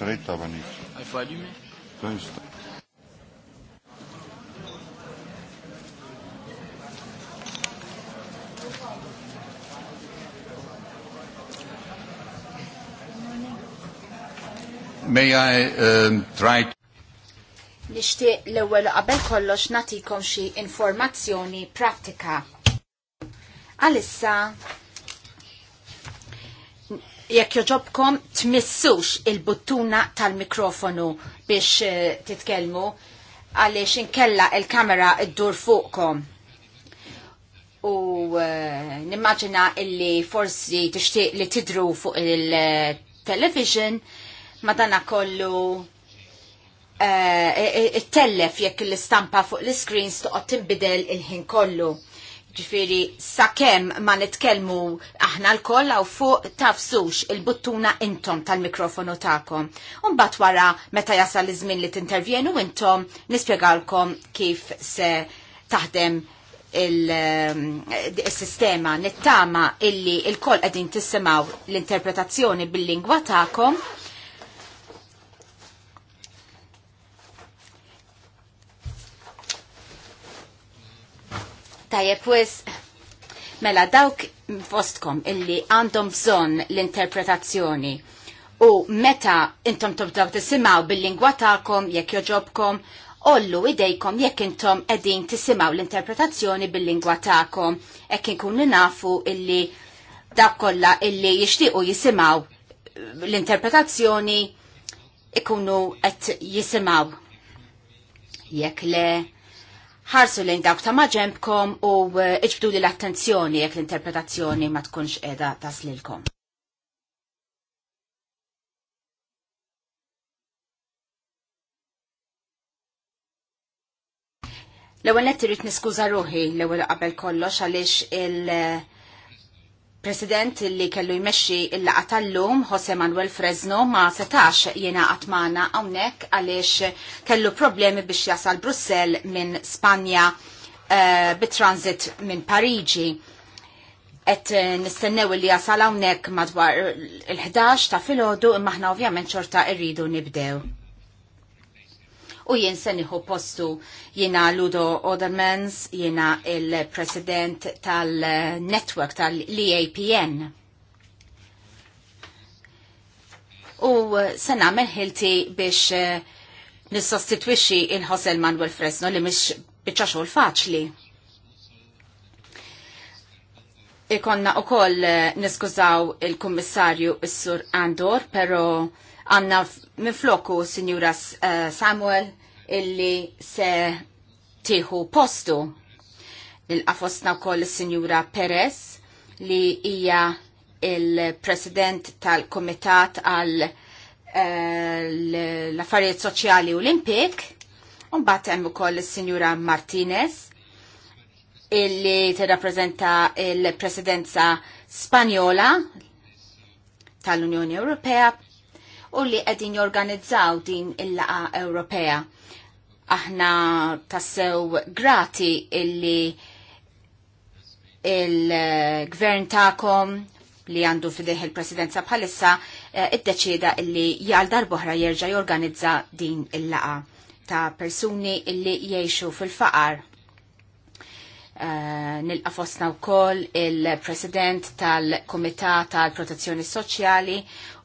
direkt aber nicht. May I um, try to... Nishtiq l ewel qabel kollox natikom xi informazzjoni pratika. Alissa, jekk joġobkom tmissux il-buttuna tal-mikrofonu biex eh, titkellmu għaliex inkella il-kamera id-dur fuqkom. U eh, nimmaġina illi forsi tixtieq li tidru fuq il-television madana kollu eh, it-tellef jekk l-istampa fuq l-screens toqgħod tinbidel il-ħin kollu ġifiri sakem ma nitkelmu aħna l kolla u fuq tafsux il-buttuna intom tal-mikrofonu ta'kom. Unbat wara meta jasal iż-żmien li tintervjenu intom nispiegalkom kif se taħdem ehm, il-sistema nittama illi il-koll għedin tissimaw l-interpretazzjoni bil-lingwa ta'kom Tajjeb wis, mela dawk fostkom illi għandhom bżonn l-interpretazzjoni u meta intom tobdaw tisimaw bil-lingwa tagħkom jekk joġobkom, ollu idejkom jekk intom edin tisimaw l-interpretazzjoni bil-lingwa tagħkom jekk inkunu nafu illi dak kollha illi jixtiequ jisimaw l-interpretazzjoni ikunu qed jisimaw. Jekk le ħarsu lejn dawk ta' maġembkom u eh, iġbdu li l-attenzjoni jekk l-interpretazzjoni ma tkunx edha taslilkom. L-ewwel qed irid niskuża ruħi l-ewwel qabel kollox għaliex il- President li kellu jmexxi il-laqa tal-lum, Jose Manuel Fresno, ma setax jena għatmana għawnek għalix kellu problemi biex jasal Brussel minn Spanja uh, bit-transit minn Pariġi. Et eh, nistennew li jasal għawnek madwar il-11 ta' filodu imma ħna ovvjament xorta irridu nibdew u jien se nieħu postu jiena Ludo Odermans, jiena il-president tal-network tal-EAPN. U se menħilti biex eh, nissostitwixxi il-Ħosel Manuel Fresno li mhix biċċa xogħol faċli ikonna u koll eh, niskużaw il-kommissarju Sur Andor, pero għanna mifloku Signora eh, Samuel illi se tiħu postu il-qafosna kol Signora Perez li hija il-president tal-komitat għal eh, l-affarijiet soċjali Olimpik, un bat hemm ukoll is-Sinjura Martinez illi tirrappreżenta il-Presidenza Spanjola tal-Unjoni Ewropea u li qegħdin jorganizzaw din il-laqa Ewropea. Aħna tassew grati illi il-gvern ta'kom li għandu fideħ il-presidenza bħalissa eh, id-deċida illi jgħal darbohra jerġa jorganizza din il-laqa ta' persuni illi jiexu fil-faqar Eh, nil-qafosna u koll il-president tal komita tal-Protezzjoni Soċjali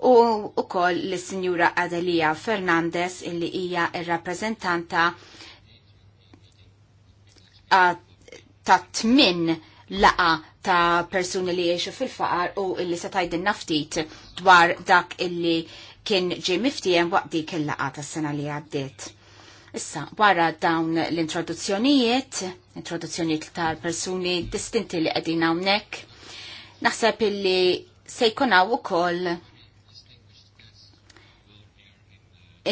u u koll l-Signura Adelia Fernandez illi hija il-rappresentanta ta' tmin laqa ta' persuni li jiexu fil-faqar u illi se tajdin naftit dwar dak illi kien ġi miftijem waqt dik il-laqa ta' sena li għaddit Issa, wara dawn l-introduzzjonijiet, introduzzjonijiet tal-persuni distinti li qegħdin hawnhekk, naħseb illi se għaw u ukoll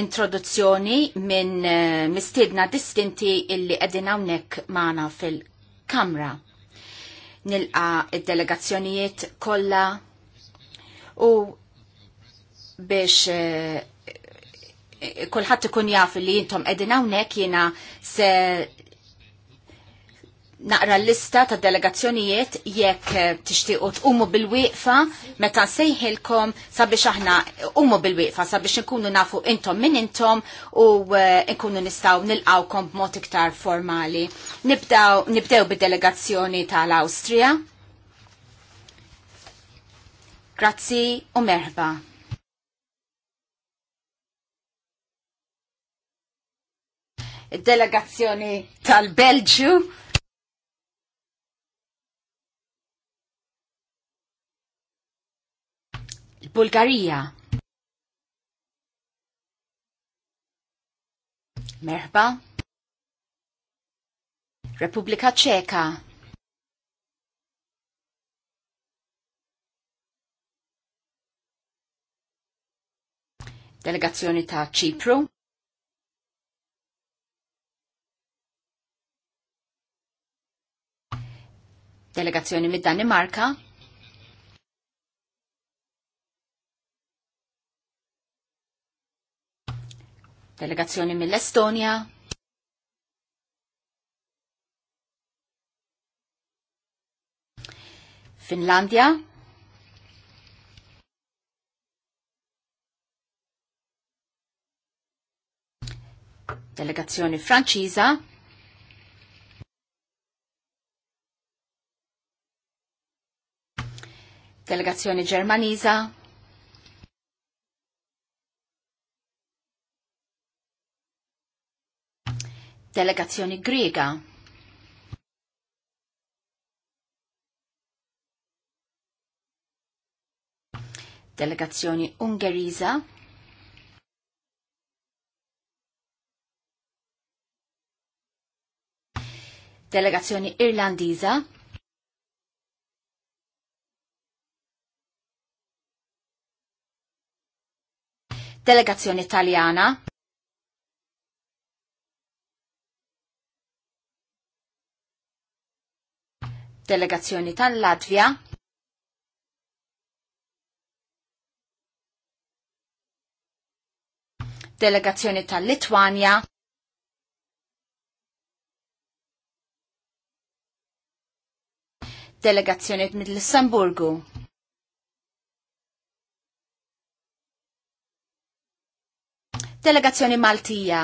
introduzzjoni minn eh, mistiedna distinti illi qegħdin hawnhekk magħna fil-Kamra. Nilqa id-delegazzjonijiet kollha u biex eh, kulħadd ikun jaf li intom qegħdin hawnhekk jiena se naqra l-lista ta' delegazzjonijiet jekk eh, tixtiequ tqumu bil-wieqfa meta sejħilkom sabiex aħna qumu bil-wieqfa sabiex nkunu nafu intom minn intom u eh, nkunu nistgħu nilqawkom b'mod iktar formali. nibdew bid-delegazzjoni tal-Awstrija. Grazzi u merħba. delegazzjoni tal-Belġu. Bulgarija. Merba, Repubblika Ċeka. Delegazzjoni ta' Ċipru. delegazzjoni mid-Danimarka delegazzjoni mill estonia Finlandia, delegazzjoni Franċiża delegazzjoni Ġermaniża. Delegazzjoni Griega. Delegazzjoni Ungeriża. Delegazzjoni Irlandiza. delegazzjoni Taljana. Delegazzjoni tal-Latvja. Delegazzjoni tal-Litwanja. Delegazzjoni mid lussemburgu delegazzjoni Maltija.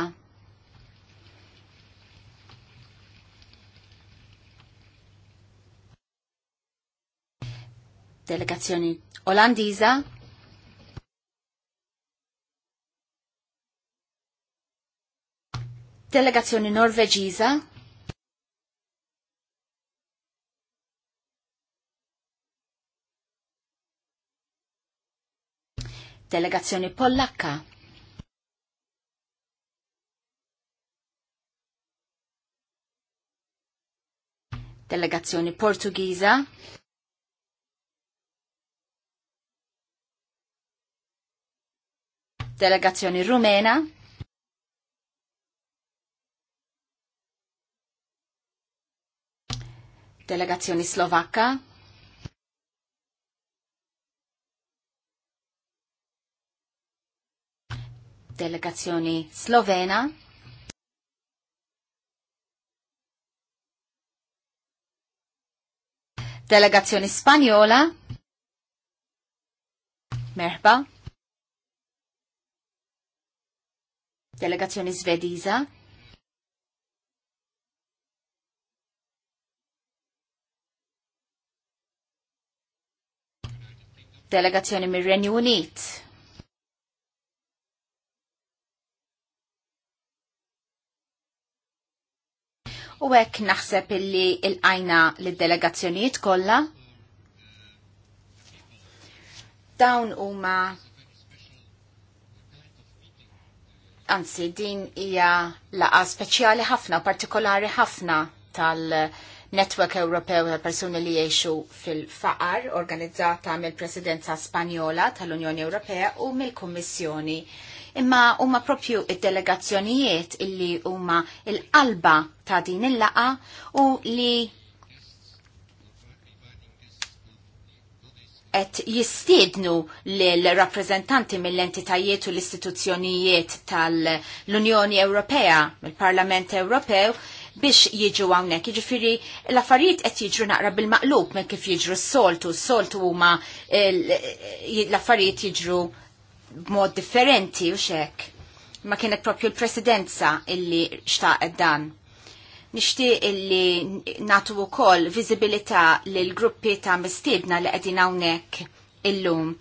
Delegazzjoni Olandiza. Delegazzjoni Norveġiża. Delegazzjoni Pollacca. delegazzjoni Portugiża. Delegazzjoni Rumena. Delegazzjoni Slovakka. Delegazzjoni Slovena. delegazzjoni Spanjola. Merba. Delegazzjoni Svediża. Delegazzjoni mir-Renju Unit. u hekk naħseb illi il-għajna l-delegazzjonijiet kollha. Dawn huma anzi din hija laqa speċjali ħafna, partikolari ħafna tal-Network Ewropew tal persuni li jgħixu fil-faqar organizzata mill-Presidenza Spanjola tal-Unjoni Ewropea u mill-Kummissjoni imma huma propju id-delegazzjonijiet illi huma il-qalba ta' din il-laqa u li et jistiednu l-rappresentanti mill-entitajiet u l-istituzzjonijiet tal-Unjoni Ewropea, mill-Parlament Ewropew, biex jiġu għawnek. Ġifiri, l-affarijiet qed jiġru naqra bil-maqlub minn kif jiġru s-soltu. S-soltu huma l-affarijiet jiġru b'mod differenti u xek. Ma kienet propju l-presidenza illi xtaq dan. Nishtiq illi natu u koll vizibilita l-gruppi ta' mistibna li għedin għawnek illum.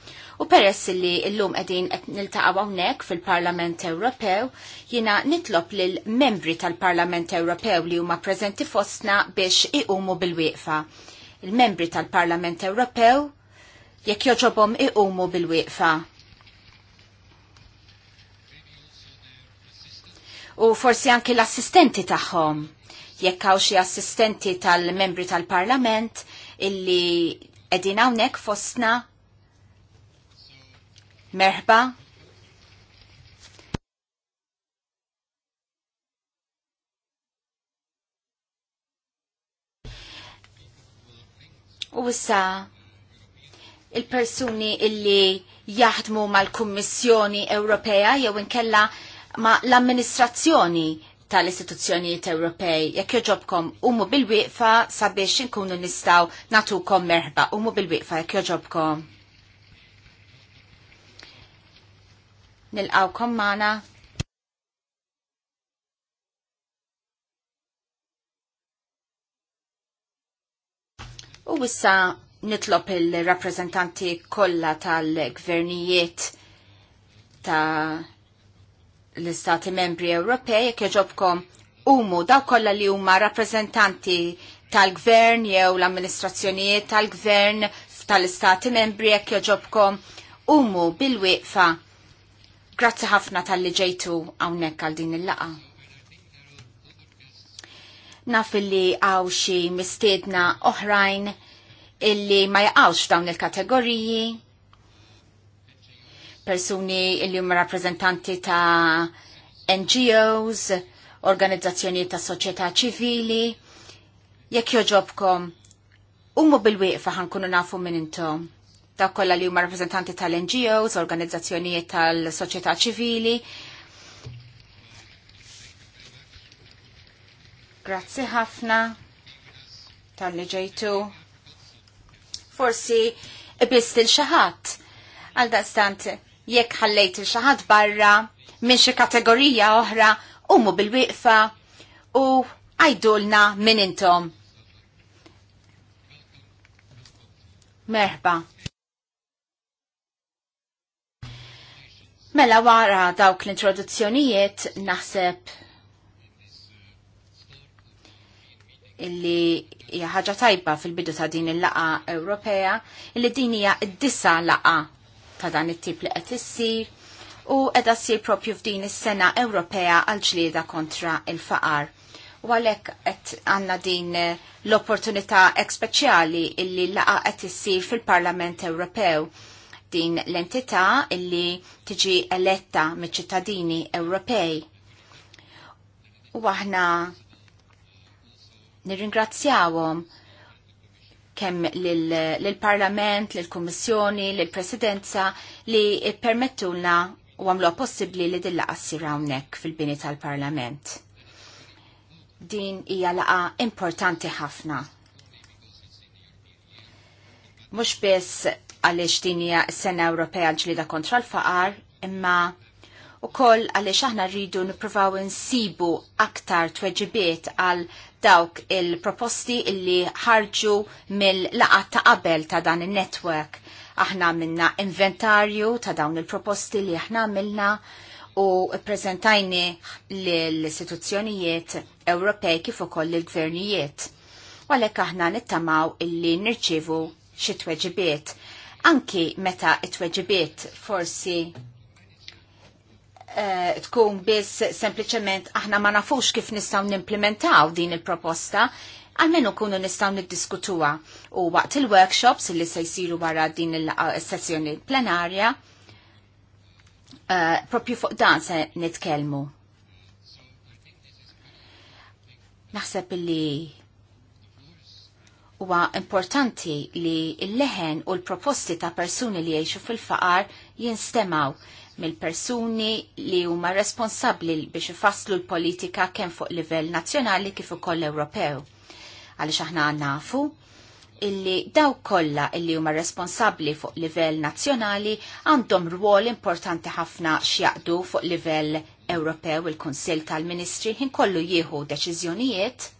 U peress li illum għedin niltaqaw għawnek fil-Parlament Ewropew, jina nitlob lil membri tal-Parlament Ewropew li huma prezenti fostna biex iqumu bil-wieqfa. Il-membri tal-Parlament Ewropew jekk joġobom iqumu bil-wieqfa u forsi anki l-assistenti tagħhom. Jekk hawn xi assistenti tal-membri tal-Parlament illi edin hawnhekk fostna merħba U issa il-persuni illi jaħdmu mal-Kummissjoni Ewropea jew inkella ma l-amministrazzjoni tal-istituzzjonijiet Ewropej, jekk joġobkom umu bil-wieqfa sabiex inkunu nistaw natukom merħba, umu bil-wieqfa jekk joġobkom. Nilqawkom mana U wissa nitlob il-rappresentanti kollha tal-gvernijiet ta' l-istati membri Ewropej jekk jogħġobkom umu daw kollha li huma rappreżentanti tal-gvern jew l-amministrazzjonijiet tal-gvern tal-istati membri jekk jogħġobkom umu bil-wieqfa. Grazzi ħafna tal-li ġejtu hawnhekk għal din il-laqa. Naf li għaw xi mistiedna oħrajn illi ma jaqgħux dawn il-kategoriji persuni li huma rappreżentanti ta' NGOs, organizzazzjoni ta' soċjetà ċivili. Jekk joġobkom, huma bil-wieqfa ħankunu nafu minn intom. Dak kollha li huma rappreżentanti tal-NGOs, organizzazzjonijiet tal-soċjetà ċivili. Grazzi ħafna tal-li ġejtu. Forsi ibistil xi ħadd għal daqstant jekk ħallejt il xaħat barra minn xi kategorija oħra umu bil-wieqfa u għajdulna minn intom. Merba. Mela wara dawk l-introduzzjonijiet naħseb illi hija ħaġa tajba fil-bidu ta' din il-laqa Ewropea illi din hija d-disa laqa ta' dan it-tip li qed issir u qiegħda ssir propju f'din is-sena Ewropea għal ġlieda kontra il-faqar. U għalhekk qed għandna din eh, l-opportunità ekspeċjali illi laqa qed issir fil-Parlament Ewropew din l-entità illi tiġi eletta miċ-ċittadini Ewropej. U aħna nirringrazzjawhom kemm lill-Parlament, lill-Kummissjoni, lill-Presidenza li permettulna u għamlu possibbli li dilla qassir hawnhekk fil-bini tal-Parlament. Din hija laqa importanti ħafna. Mhux biss għaliex din hija s-Sena Ewropea ġlida kontra l-faqar, imma u koll aħna rridu nippruvaw nsibu aktar tweġibiet għal dawk il-proposti illi ħarġu mill-laqat ta' qabel ta' dan il-network. Aħna minna inventarju ta' dawn il-proposti li aħna għamilna u prezentajni l-istituzzjonijiet Ewropej kif ukoll il-gvernijiet. Għalhekk aħna nittamaw illi nirċivu xi tweġibiet. Anki meta it-tweġibiet forsi Eh, tkun biss sempliċement aħna ma nafux kif nistgħu nimplementaw din il-proposta, għalmenu kunu nistaw niddiskutuwa u waqt il-workshops li se jisiru wara din il-sessjoni plenarja uh, propju fuq dan se nitkelmu. Naħseb li huwa importanti li l-leħen u l-proposti ta' persuni li jgħixu fil-faqar jinstemaw mill-persuni li huma responsabbli biex ifasslu l-politika kemm fuq livell nazzjonali kif ukoll Ewropew. Għaliex aħna nafu illi daw kollha illi huma responsabli fuq livell nazzjonali għandhom rwol importanti ħafna x'jaqdu fuq livell Ewropew il-Kunsill tal-Ministri ħin kollu jieħu deċiżjonijiet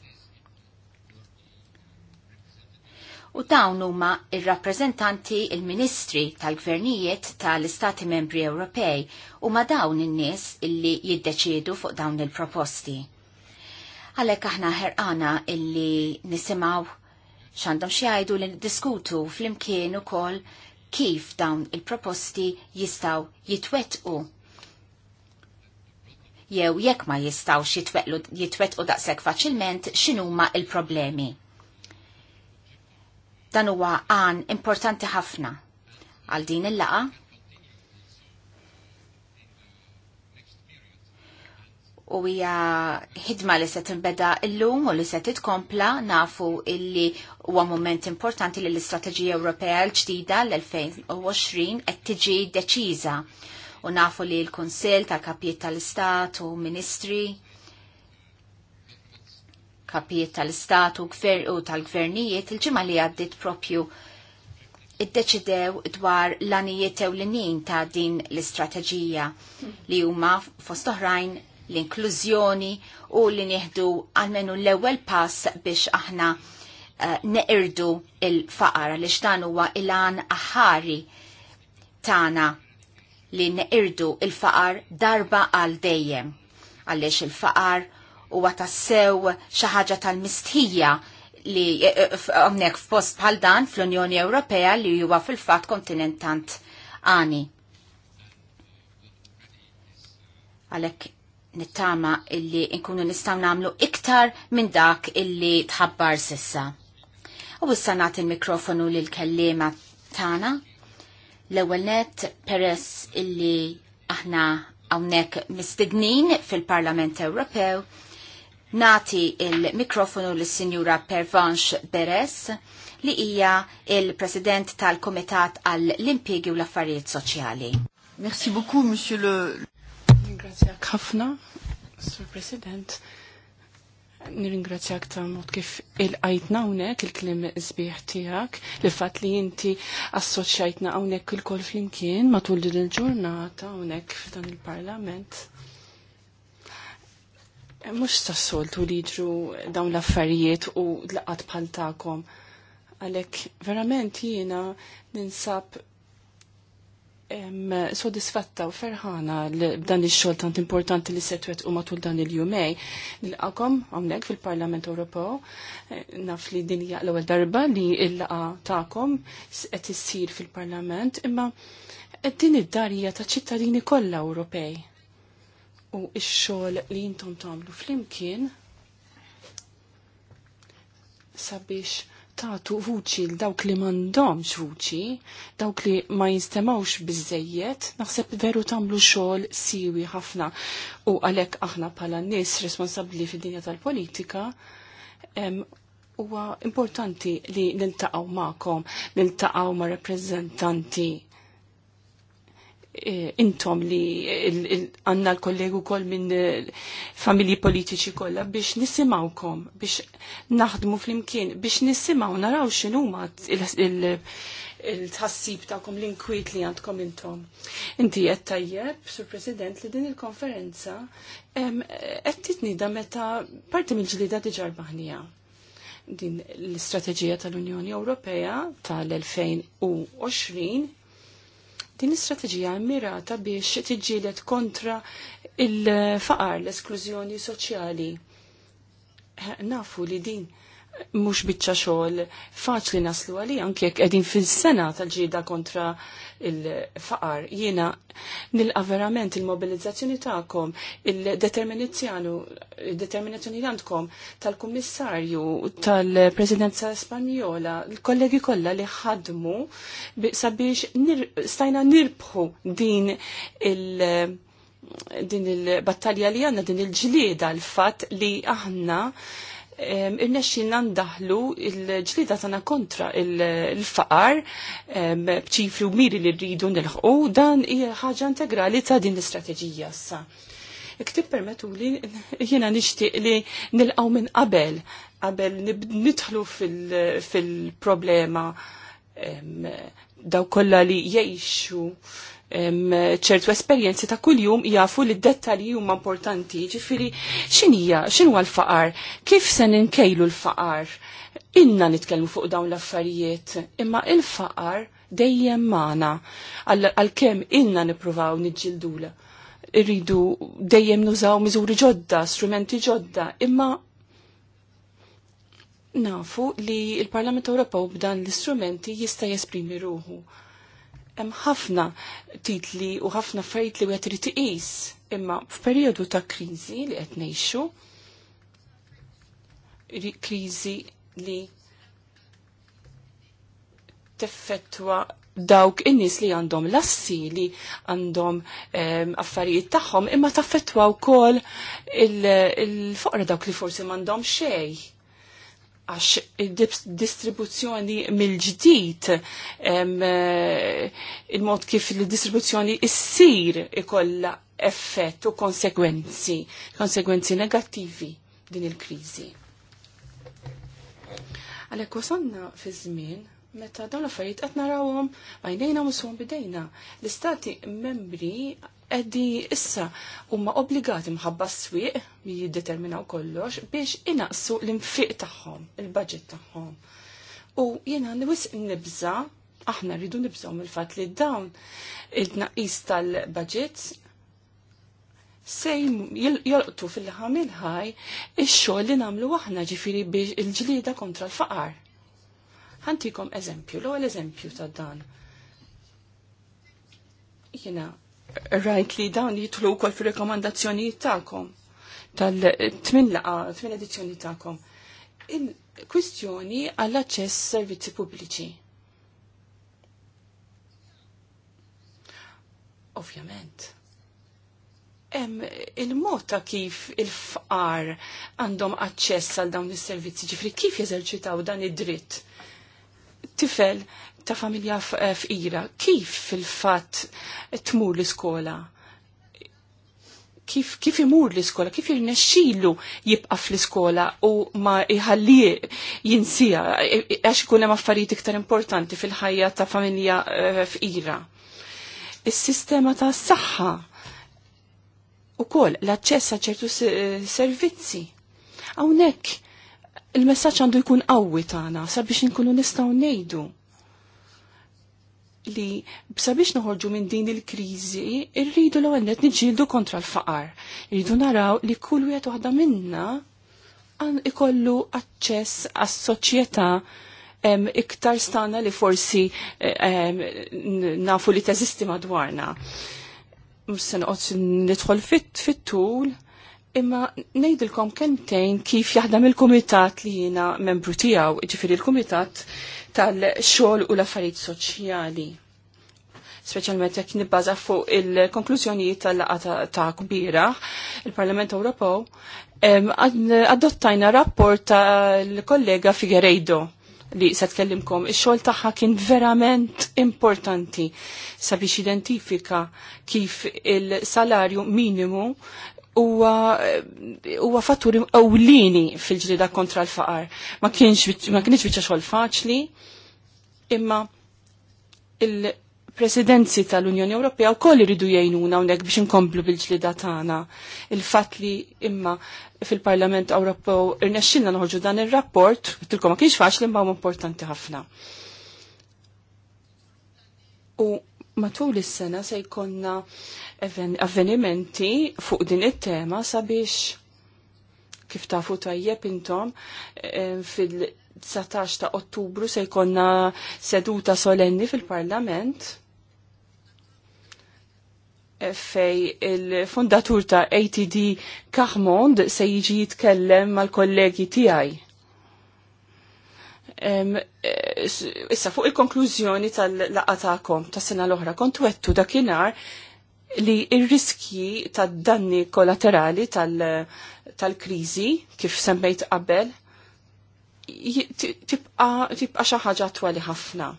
u dawn huma ir-rappreżentanti il ministri tal-Gvernijiet tal-Istati Membri Ewropej u ma dawn in-nies illi jiddeċiedu fuq dawn il-proposti Għalhekk aħna ħerqana illi nisimgħu x'għandhom xi jgħidu li diskutu fl-imkien ukoll kif dawn il-proposti jistgħu jitwetqu. Jew jekk ma jistgħux jitwetqu daqshekk faċilment x'inhuma il-problemi. Dan huwa għan importanti ħafna għal din il-laqa. U hija ħidma li se tinbeda llum u li se titkompla nafu illi huwa moment importanti li l-Istrateġija Ewropea l-ġdida l-2020 qed tiġi deċiża u nafu li l-Kunsill tal-Kapijiet tal-Istat u Ministri kapijiet tal-istat u tal-gvernijiet il-ġimma li għaddit propju iddeċidew dwar l-anijiet ewlenin ta' din l-istrateġija li huma fost oħrajn l-inklużjoni u li nieħdu għalmenu l-ewwel pass biex aħna uh, neqirdu il-faqar li xtan huwa ilan aħari tagħna li neqirdu il-faqar darba għal dejjem għaliex il-faqar u għatassew xaħġa tal-mistħija li eh, eh, f f'post bħal dan fl-Unjoni Ewropea li huwa fil-fat kontinentant għani. Għalek nittama illi nkunu nistaw namlu iktar minn dak illi tħabbar sissa. U issa nagħti il-mikrofonu lil kellima tagħna. L-ewwel net peress illi aħna hawnhekk mistignin fil-Parlament Ewropew nati il-mikrofonu l-Sinjura Pervanche Beres li hija il-President tal-Komitat għall limpiegi u l-Affarijiet Soċjali. Merci beaucoup, Monsieur le... Ringrazzjak ħafna, Sur President. Nirringrazzjak ta' mod kif il-għajtna unek il-klim zbieħ tijak, li fat li jinti assoċjajtna unek il-kol flimkien matul din il-ġurnata unek f'dan il-parlament Mux tassoltu tu liġru dawn l-affarijiet u laqat bħal ta'kom. Għalek, verament jiena ninsab sodisfatta u ferħana b'dan il-xol tant importanti li setwet u matul dan il-jumej. Nil-għakom għamlek fil-Parlament Ewropew, naf li din hija l-ewwel darba li l-laqa ta'kom qed issir fil-Parlament, imma din id-darija ta' ċittadini kollha Ewropej u x-xogħol li jintom tagħmlu flimkien sabiex tagħtu vuċi l dawk li m'għandhomx vuċi, dawk li ma jinstemawx biżejjed, naħseb veru tagħmlu xogħol siwi ħafna u għalhekk aħna bħala nies responsabbli fid-dinja tal-politika huwa importanti li niltaqgħu magħkom, niltaqgħu ma' rappreżentanti Eh, intom li għanna l-kollegu kol minn eh, familji politiċi kolla biex nisimawkom, biex naħdmu fl-imkien, biex nisimaw naraw xinuma il-tħassib ta'kom l-inkwiet li għandkom intom. Inti qed tajjeb, Sur President, li din il-konferenza qed titnida meta parti mill-ġlida diġar baħnija din l-istrateġija tal-Unjoni Ewropea tal-2020 Din l-istrateġija mirata biex tiġġieled kontra il-faqar, l-esklużjoni soċjali. Nafu li din mux bitċa xogħol faċli naslu għali anke jekk qegħdin fil-sena tal-ġida kontra il-faqar. Jiena nilqa verament il-mobilizzazzjoni tagħkom, il-determinazzjoni il-determinazzjoni għandkom tal-Kummissarju, tal-Presidenza Spanjola, l-kollegi kollha li ħadmu sabiex nir, stajna nirbħu din il- din il-battalja li għanna, din il-ġlieda l-fat li aħna irnexxinna ndaħlu il-ġlida tagħna kontra il-faqar b'ċifri u miri li rridu nilħqu dan hija ħaġa integrali ta' din l-istrateġija issa. Iktib permetu li jiena nixtieq li nilqgħu minn qabel qabel nidħlu fil-problema daw kollha li jgħixu ċertu esperjenzi ta' kuljum jafu li d-dettalji huma importanti, ġifiri xinija, xinu l-faqar, kif se ninkejlu l-faqar. Inna nitkellmu fuq dawn l-affarijiet, imma il-faqar dejjem magħna għalkemm inna nippruvaw niġġildula. Irridu dejjem nużaw miżuri ġodda, strumenti ġodda, imma nafu li il-Parlament Ewropew b'dan l-istrumenti jista' jesprimi ruħu hemm ħafna titli u ħafna fejt li wieħed irid iqis imma f'perjodu ta' kriżi li qed ngħixu kriżi li teffettwa dawk in-nies li għandhom lassi li għandhom ehm, affarijiet tagħhom imma taffettwa wkoll il-foqra dawk li forsi m'għandhom xejn għax distribuzzjoni mill-ġdid eh, il-mod kif il-distribuzzjoni issir ikolla effett u konsekwenzi, konsekwenzi negattivi din il-krizi. Għalek wasanna fi żmien meta dawn l-affarijiet qed narawhom għajnejna mushom bidejna. L-istati membri eddi issa huma obbligati mħabba s-swieq li jiddeterminaw kollox biex inaqsu l-infiq tagħhom, il-budget tagħhom. U jiena nwisq nibża, aħna rridu nibżaw mill-fatt li dawn il-tnaqqis tal-budget se jolqtu fil-ħamil ħaj il xogħol li nagħmlu aħna ġifieri biex il-ġlieda kontra l-faqar. Ħantikom eżempju, l għal eżempju ta' dan rajt li dawn jitlu wkoll fir-rekomandazzjonijiet tagħkom tal tminlaqa, tmin edizzjoni tagħkom. Il-kwistjoni għall-aċċess servizzi pubbliċi. Ovvjament. Em, il-mod ta' kif il-fqar għandhom aċċess għal dawn is-servizzi, ġifri kif jeżerċitaw dan id-dritt. Tifel ta' familja eh, f'ira, kif fil-fat tmur l-iskola? Kif, kif imur l-iskola, kif jirnexxilu jibqa fl-iskola u ma jħalli jinsija, għax ikun hemm affarijiet iktar importanti fil-ħajja ta' familja eh, f'ira. Is-sistema ta' s-saħħa u kol l-aċċess għal ċertu servizzi. Hawnhekk il-messaġġ għandu jkun qawwi tagħna sabiex inkunu nistgħu ngħidu li b'sabiex noħorġu minn din il-kriżi irridu l-ewwel qed niġġieldu kontra l-faqar. Irridu naraw li kull wieħed waħda minna għan ikollu aċċess għas soċjetà iktar stana li forsi nafu li teżisti madwarna. Mussan qod nidħol fit-tul imma ngħidilkom kentejn kif jaħdem il-kumitat li jiena membru tiegħu, ġifieri il-kumitat il kumitat tal-xogħol u l-affarijiet soċjali. Speċjalment jekk nibbaża fuq il-konklużjonijiet tal laqata ta' kbira, il-Parlament Ewropew adottajna rapport tal-kollega Figueiredo li se tkellimkom, ix-xogħol tagħha kien verament importanti sabiex identifika kif il-salarju minimu huwa fattur ewlieni fil-ġrida kontra l-faqar. Ma kienx ma kienx biċċa xogħol faċli, imma il-presidenzi tal-Unjoni Ewropea wkoll iridu jgħinuna hawnhekk biex inkomplu bil-ġlida tagħna. Il-fatt li imma fil-Parlament Ewropew irnexxilna noħorġu dan ir-rapport, tilkom ma kienx faċli imma importanti ħafna. U matul is-sena se jkollna avvenimenti fuq din it-tema sabiex kif tafu tajjeb intom eh, fil-19 ta' Ottubru se jkollna seduta solenni fil-Parlament eh, fej il-fondatur ta' ATD Kahmond se jiġi jitkellem mal-kollegi tiegħi Eh, issa fuq il-konklużjoni tal-laqatakom ta' sena l-oħra kontu għettu dakinar li il-riski ta' danni kollaterali tal-krizi kif semmejt qabel tibqa xi ħaġa twali ħafna.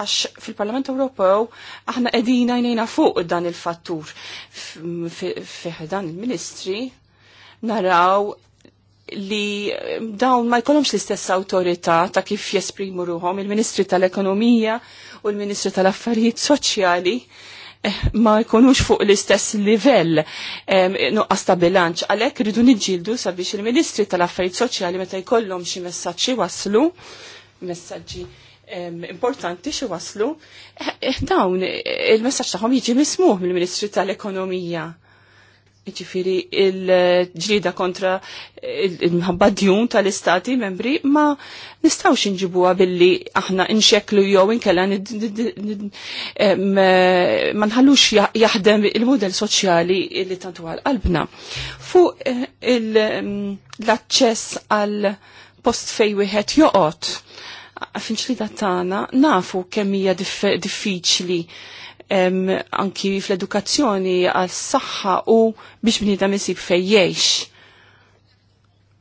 Għax fil-Parlament Ewropew aħna qegħdin għajnejna fuq dan il-fattur dan il-Ministri naraw li eh, dawn ma jkollhomx l-istess awtorità ta' kif jesprimu ruhom il-Ministri tal-Ekonomija u l-Ministri tal-Affarijiet Soċjali eh, ma jkunux fuq l-istess livell eh, nuqqas ta' bilanċ. Għalhekk ridu niġġieldu sabiex il-Ministri tal-Affarijiet Soċjali meta jkollhom xi messaġġi waslu, messaġġi importanti xi waslu, dawn il-messaġġ tagħhom jiġi mismuh mill-Ministri tal-Ekonomija ġifiri il ġlida kontra il-mħabba djun tal-istati membri, ma nistawx nġibuwa billi aħna nxeklu jew inkella ma nħallux jaħdem il-model soċjali li tantu għal-qalbna. Fuq eh, l-access għal post fej wieħed joqgħod, finċli tagħna nafu kemm hija diffiċli dif anki fl-edukazzjoni għal saħħa u biex bniedem isib fejjex.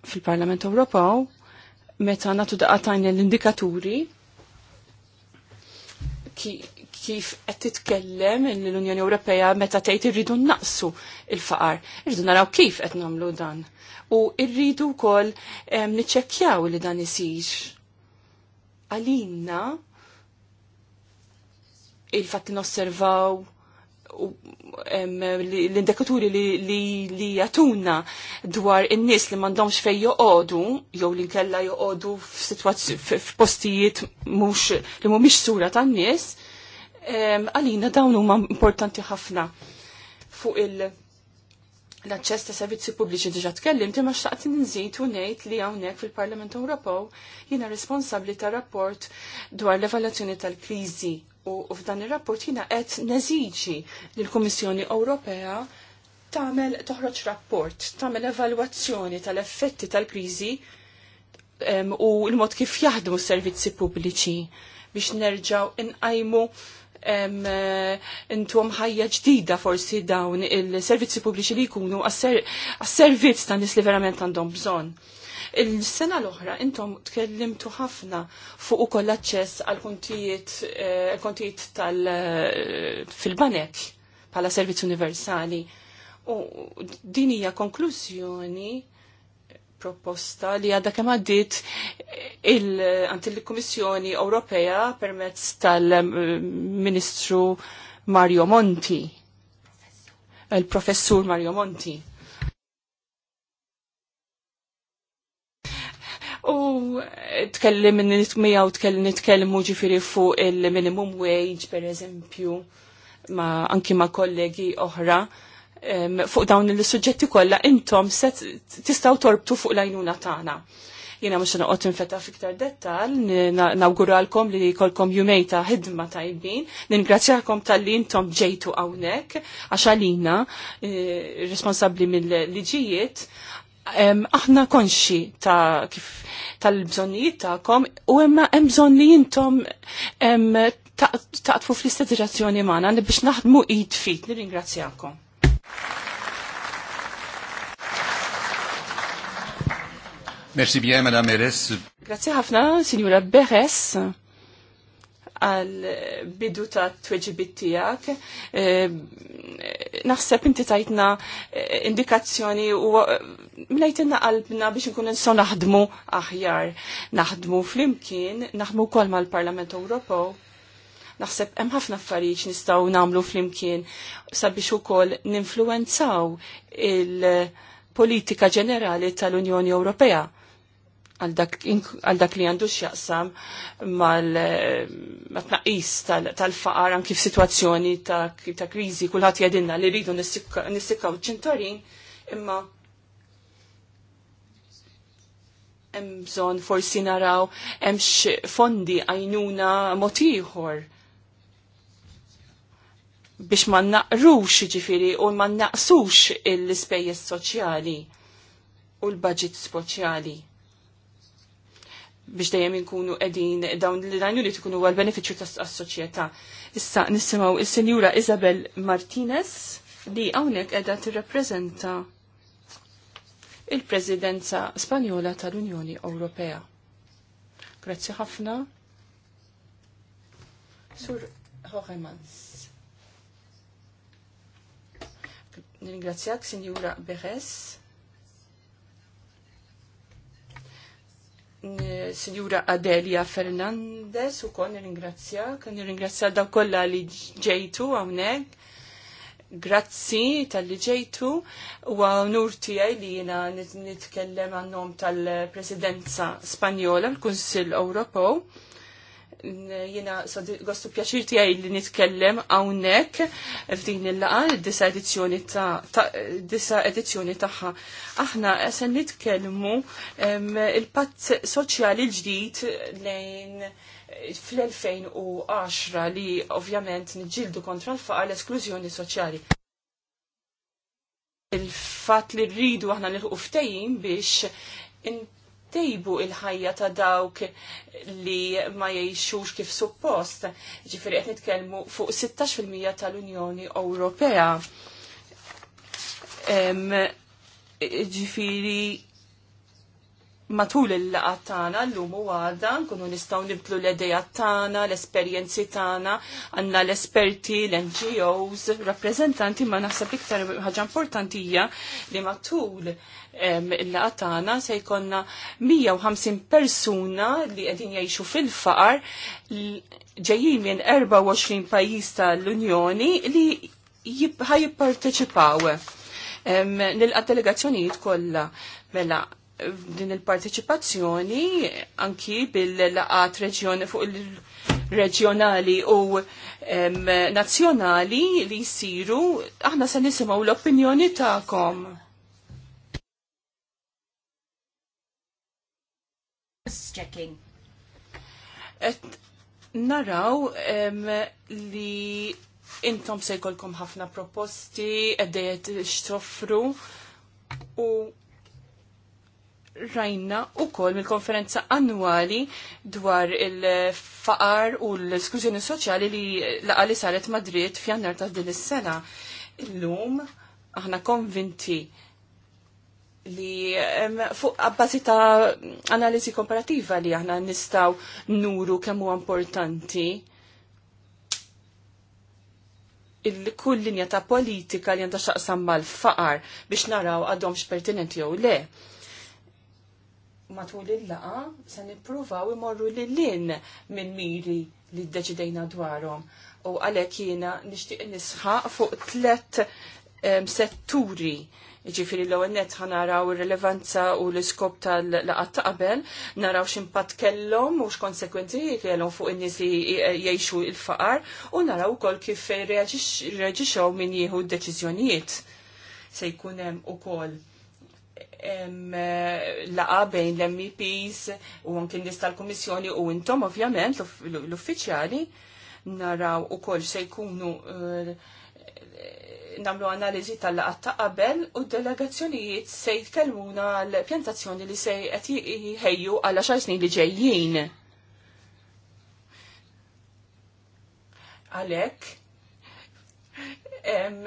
Fil-Parlament Ewropew meta natu daqatajna l-indikaturi kif qed titkellem l-Unjoni Ewropea meta tgħid irridu naqsu il-faqar. Irridu naraw kif qed nagħmlu dan. U rridu wkoll niċċekkjaw li dan isir. Għalina il-fatti nosservaw l-indikaturi li jatuna dwar in-nies li m'għandhomx fejn joqogħdu jew li nkella joqogħdu f'postijiet mhux li mhumiex sura tan-nies, għalina dawn huma importanti ħafna fuq il- l-aċċess ta' servizzi pubbliċi diġa tkellimti ma xaqt nżid u ngħid li hawnhekk fil-Parlament Ewropew jiena responsabbli ta' rapport dwar l-evalwazzjoni tal-kriżi u f'dan ir-rapport jiena qed neżiġi lill-Kummissjoni Ewropea tagħmel toħroġ rapport, tagħmel evalwazzjoni tal-effetti tal-kriżi u l-mod kif jaħdmu s-servizzi pubbliċi biex nerġaw inqajmu intom ħajja ġdida forsi dawn il-servizzi pubbliċi li jkunu għas-servizz tan nis li verament għandhom bżonn Il-sena l-oħra intom tkellimtu ħafna fuq ukoll aċċess għal kontijiet eh, tal eh, fil-banek bħala servizz universali. U din hija konklużjoni proposta li għadha kemm għaddiet il-għant il-Kummissjoni Ewropea permezz tal-Ministru Mario Monti il-professur Mario Monti. U tkellim nitmijaw tkellim nitkellmu ġifiri fuq il-minimum wage, per eżempju, ma anki ma kollegi oħra, fuq dawn il-sujġetti kollha intom se tistgħu torbtu fuq lajnuna tagħna. Jiena mhux noqgħod infetta fiktar dettal, nawguralkom li jkollkom jumejta hidma ħidma tajbin, ningrazzjakom tal-li intom ġejtu hawnhekk għaxalina responsabli eh, responsabbli mill-liġijiet um, aħna konxi ta' kif tal-bżonnijiet ta'kom u imma hemm bżonn li intom taqtfu fl-istess direzzjoni magħna biex naħdmu id fit. Nirringrazzjakom. Merci bien, Madame Eres. Grazie ħafna, Signora Beres, għal bidu ta' t-tweġibit tijak naħseb inti tajtna eh, indikazzjoni u eh, mlejtinna qalbna biex nkun nistgħu naħdmu aħjar. Naħdmu flimkien, naħdmu wkoll mal-Parlament Ewropew. Naħseb hemm ħafna affarijiet nistgħu nagħmlu flimkien sabiex ukoll ninfluwenzaw il- politika ġenerali tal-Unjoni Ewropea għal dak li għandu xjaqsam mal-tnaqis tal-faqar anki kif situazzjoni ta' krizi kullħat jadinna li rridu nissikaw ċintorin imma bżonn forsi naraw hemmx fondi għajnuna motiħor biex ma naqrux ġifiri u ma naqsux l-ispejjeż soċjali u l-budget soċjali biex dejjem inkunu qegħdin dawn li dan li tkunu għal benefiċċju tas-soċjetà. Issa nisimaw is senjura Isabel Martinez li hawnhekk qiegħda tirrappreżenta il-Presidenza Spanjola tal-Unjoni Ewropea. Grazzi ħafna. Sur Hohemans. Ringrazzjak, Sinjura Beres Signora Adelia Fernandez u kon ringrazzja, kon ringrazzja da kolla li ġejtu għawnek. Grazzi tal-li ġejtu u għanur tijaj li jina nitkellem għannom tal-presidenza Spanjola, l-Kunsil Ewropew jena għostu pjaċir tijaj li nitkellem għawnek f'din il-laqa disa edizjoni ta' disa edizzjoni taħħa. Aħna għasen nitkellmu il-patt soċjali ġdid lejn fl-2010 li ovvjament nġildu kontra l-faqa l-esklużjoni soċjali. Il-fat li rridu aħna nilħu ftejjin biex intejbu il-ħajja ta' dawk li ma jiexux kif suppost. Ġifiri qed nitkellmu fuq 16% tal-Unjoni Ewropea. Ġifiri matul il-laqa tagħna llum u għada nkunu nistgħu nibdlu l-idea tagħna, l-esperjenzi tagħna, għandna l-esperti, l-NGOs, rappreżentanti ma naħseb iktar ħaġa importanti hija li matul ehm, il-laqa tagħna se jkollna 150 persuna li qegħdin jgħixu fil-faqar ġejjin minn 24 pajjiż tal-Unjoni li ħajjipparteċipaw. Ehm, nilqa' delegazzjonijiet kollha mela din il-partiċipazzjoni anki bil-laqat reġjoni fuq il-reġjonali u nazzjonali li jisiru, aħna se nisimgħu l-opinjoni tagħkom. Checking. Et naraw li intom se jkollkom ħafna proposti, eddejet xtoffru u rajna u kol mill-konferenza annuali dwar il-faqar u l-esklużjoni soċjali li laqali saret Madrid f'jannar ta' din is-sena. Illum aħna konvinti li fuq abbażi ta' analiżi komparativa li aħna nistaw nuru kemm huwa importanti il-kull linja ta' politika li għandha xaqsam mal-faqar biex naraw għadhomx pertinenti jew le matul il-laqa se nippruvaw imorru lil-lin minn miri li d-deċidejna dwarhom. U għalhekk jiena nixtieq nisħaq fuq tlet setturi ġifiri l-ewwel nett ħanaraw ir-rilevanza u l-iskop tal laqa taqbel, qabel, naraw x'impatt kellhom u x-konsekwenzi kellhom fuq in-nies li e, jgħixu l-faqar u naraw ukoll kif reġiċaw min jieħu d-deċiżjonijiet. Se jkun hemm ukoll laqa bejn l-MEPs u anki nies tal-Komissjoni u intom ovvjament l-uffiċjali naraw u koll se jkunu eh, namlu analizi tal laqa ta' qabel u delegazzjonijiet se jitkellmuna l-pjantazzjoni li se qed jħejju għal xar snin li ġejjin. Għalhekk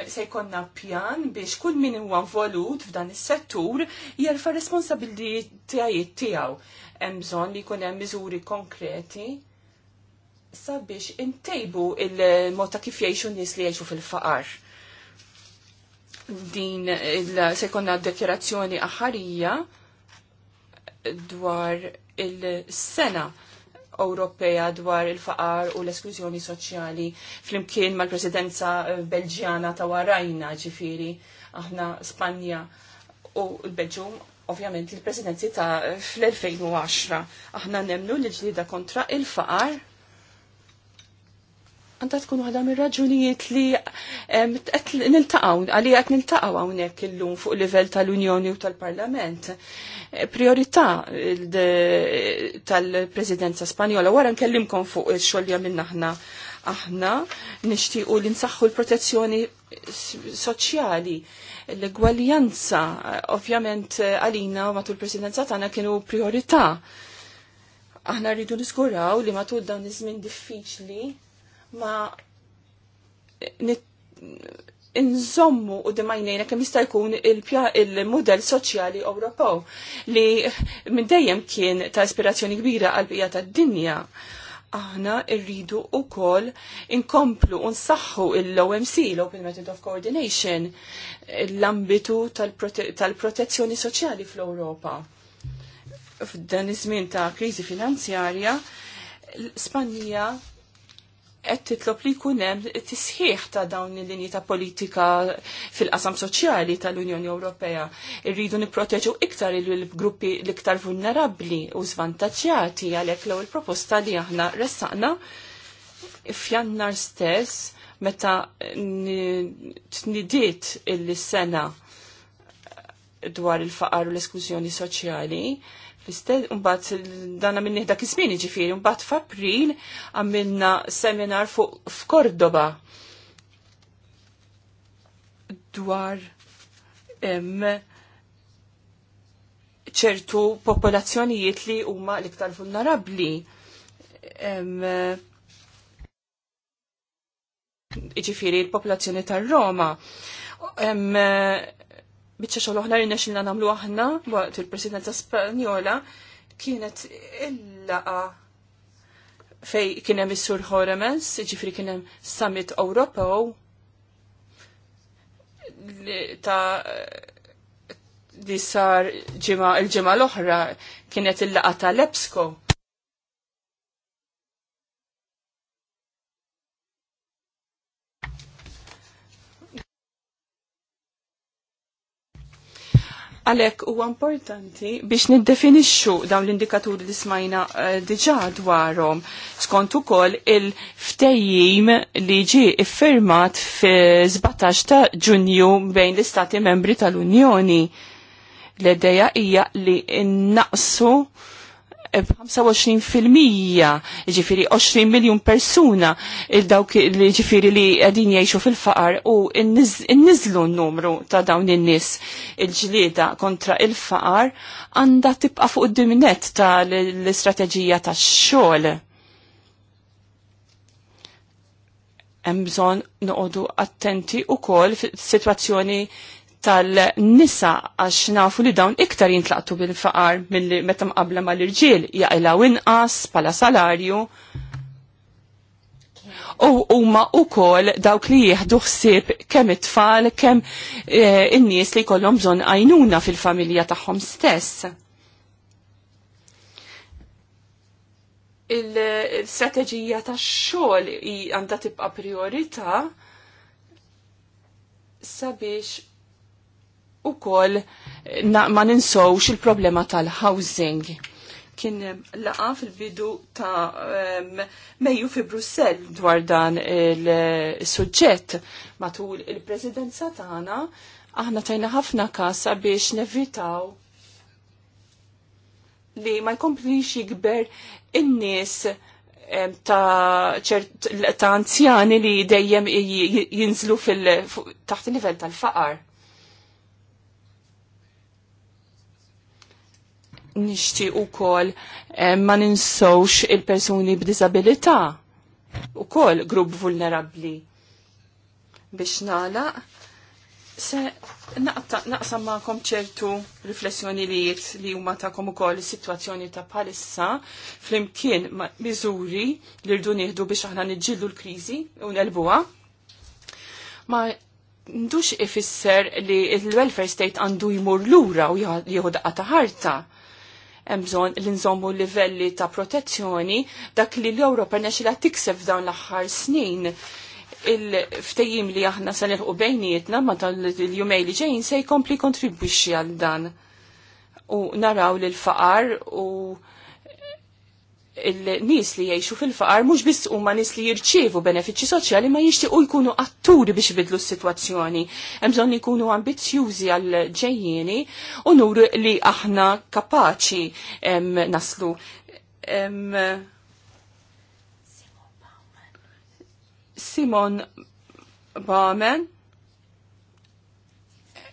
se jkonna pjan biex kull min huwa involut f'dan is-settur jerfa' responsabilitajiet tiegħu. Hemm bżonn li jkun hemm miżuri konkreti sabiex intejbu il-mod ta' kif jgħixu nies li jgħixu fil-faqar. Din se jkollna dekjerazzjoni aħarija dwar il-sena Ewropea dwar il-faqar u l-esklużjoni soċjali flimkien mal-presidenza eh, Belġjana ta' warajna ġifiri aħna Spanja u l-Belġum ovvjament il-presidenzi ta' eh, fl-2010 aħna nemnu l-ġlida kontra il-faqar għandha tkun waħda minn raġunijiet li qed niltaqgħu għalija qed niltaqgħu hawnhekk illum fuq livell tal-Unjoni u tal-Parlament. E, priorità tal-Presidenza Spanjola wara nkellimkom fuq ix xolja minn aħna aħna nixtiequ li nsaħħu l-protezzjoni soċjali, l-gwaljanza, ovvjament għalina matul presidenza tagħna kienu priorità. Aħna rridu nisguraw li matul dawn iż-żmien diffiċli ma nżommu u dimajnejna kemm jista' jkun il model soċjali Ewropew li minn dejjem kien ta' ispirazzjoni kbira għal bija tad-dinja. Aħna rridu wkoll inkomplu u nsaħħu l-OMC, l-Open Method of Coordination, l-ambitu tal-protezzjoni soċjali fl-Ewropa. F'dan iż-żmien ta' kriżi finanzjarja, Spanja qed titlob li jkun hemm tisħiħ ta' dawn il-linji ta' politika fil-qasam soċjali tal-Unjoni Ewropea. Irridu nipproteġu iktar il-gruppi l-iktar vulnerabbli u żvantaġġjati għalhekk l il-proposta li aħna ressaqna f'jannar stess meta tnidiet il-sena dwar il-faqar u l-eskużjoni soċjali L-istess, dana minn nieħda kismin ġifieri, mbagħad f'April għamilna seminar fuq f'Kordoba dwar ċertu popolazzjonijiet li huma l-iktar vulnerabbli. Iġifieri l-popolazzjoni tar-Roma bieċa xogħol oħra rinna xilna nagħmlu aħna waqt il-Presidenza Spanjola kienet il-laqa fej kien hemm is-Sur Horemes, ġifri kien hemm Summit Ewropew ta' li sar il ġimgħa l-oħra kienet il-laqa ta' Lepsko Għalek huwa importanti biex niddefinixxu dawn l-indikaturi li smajna eh, diġà dwarhom skont ukoll il-ftejjim li ġi iffirmat fi 17 ta' Ġunju bejn l-Istati Membri tal-Unjoni. L-idea hija li innaqsu b'25% ġifiri 20 miljon persuna il-dawk li ġifiri li għedin jiexu fil-faqar u n-nizlu n-numru ta' dawn in-nis il-ġlieda kontra il-faqar għanda tibqa fuq d diminet ta' l-istrateġija ta' xogħol. Hemm bżonn noqogħdu attenti kol fis-sitwazzjoni tal-nisa għax nafu li dawn iktar jintlaqtu bil-faqar mill-li meta mqabla mal-irġiel jaqilgħu inqas bħala salarju. U huma wkoll dawk li jieħdu ħsieb kemm it-tfal kemm eh, in-nies li jkollhom bżonn għajnuna fil-familja tagħhom stess. Il-strateġija tax-xogħol għandha tibqa' priorità sabiex u kol ma ninsowx il-problema tal-housing. Kien eh, laqa fil-bidu ta' um, Mejju fi Brussel dwar dan il-sujġett eh, matul il-presidenza tagħna aħna tajna ħafna kasa biex nevitaw li ma jkomplix jikber in-nies ta' ċert ta' anzjani li dejjem jinżlu fil taħt il-livell tal-faqar. nixtieq ukoll eh, ma ninsowx il-persuni b'diżabilità kol grupp vulnerabbli. Biex nagħlaq se naqsam ma'kom ċertu riflessjoni li huma ta'kom ukoll is-sitwazzjoni ta' palissa flimkien ma' miżuri li rdu nieħdu biex aħna niġġieldu l-kriżi u nelbuha. Ma ndux ifisser li l welfare state għandu jmur lura u jieħu daqqa ta' ħarta hemm bżonn li livelli ta' protezzjoni dak li l-Ewropa nexxilha tikseb dawn l-aħħar snin il-ftejjim li aħna se u bejnietna ma tal-jumej li ġejjin se jkompli kontribwixxi għal dan. U naraw l-faqar u il-nis li jiexu fil-faqar mux biss huma nis li jirċievu benefiċi soċjali ma jixtiequ jkunu atturi biex bidlu s-sitwazzjoni. Hemm bżonn ikunu ambizzjużi għal ġejjieni u nuru li aħna kapaċi naslu. Em, Simon Bauman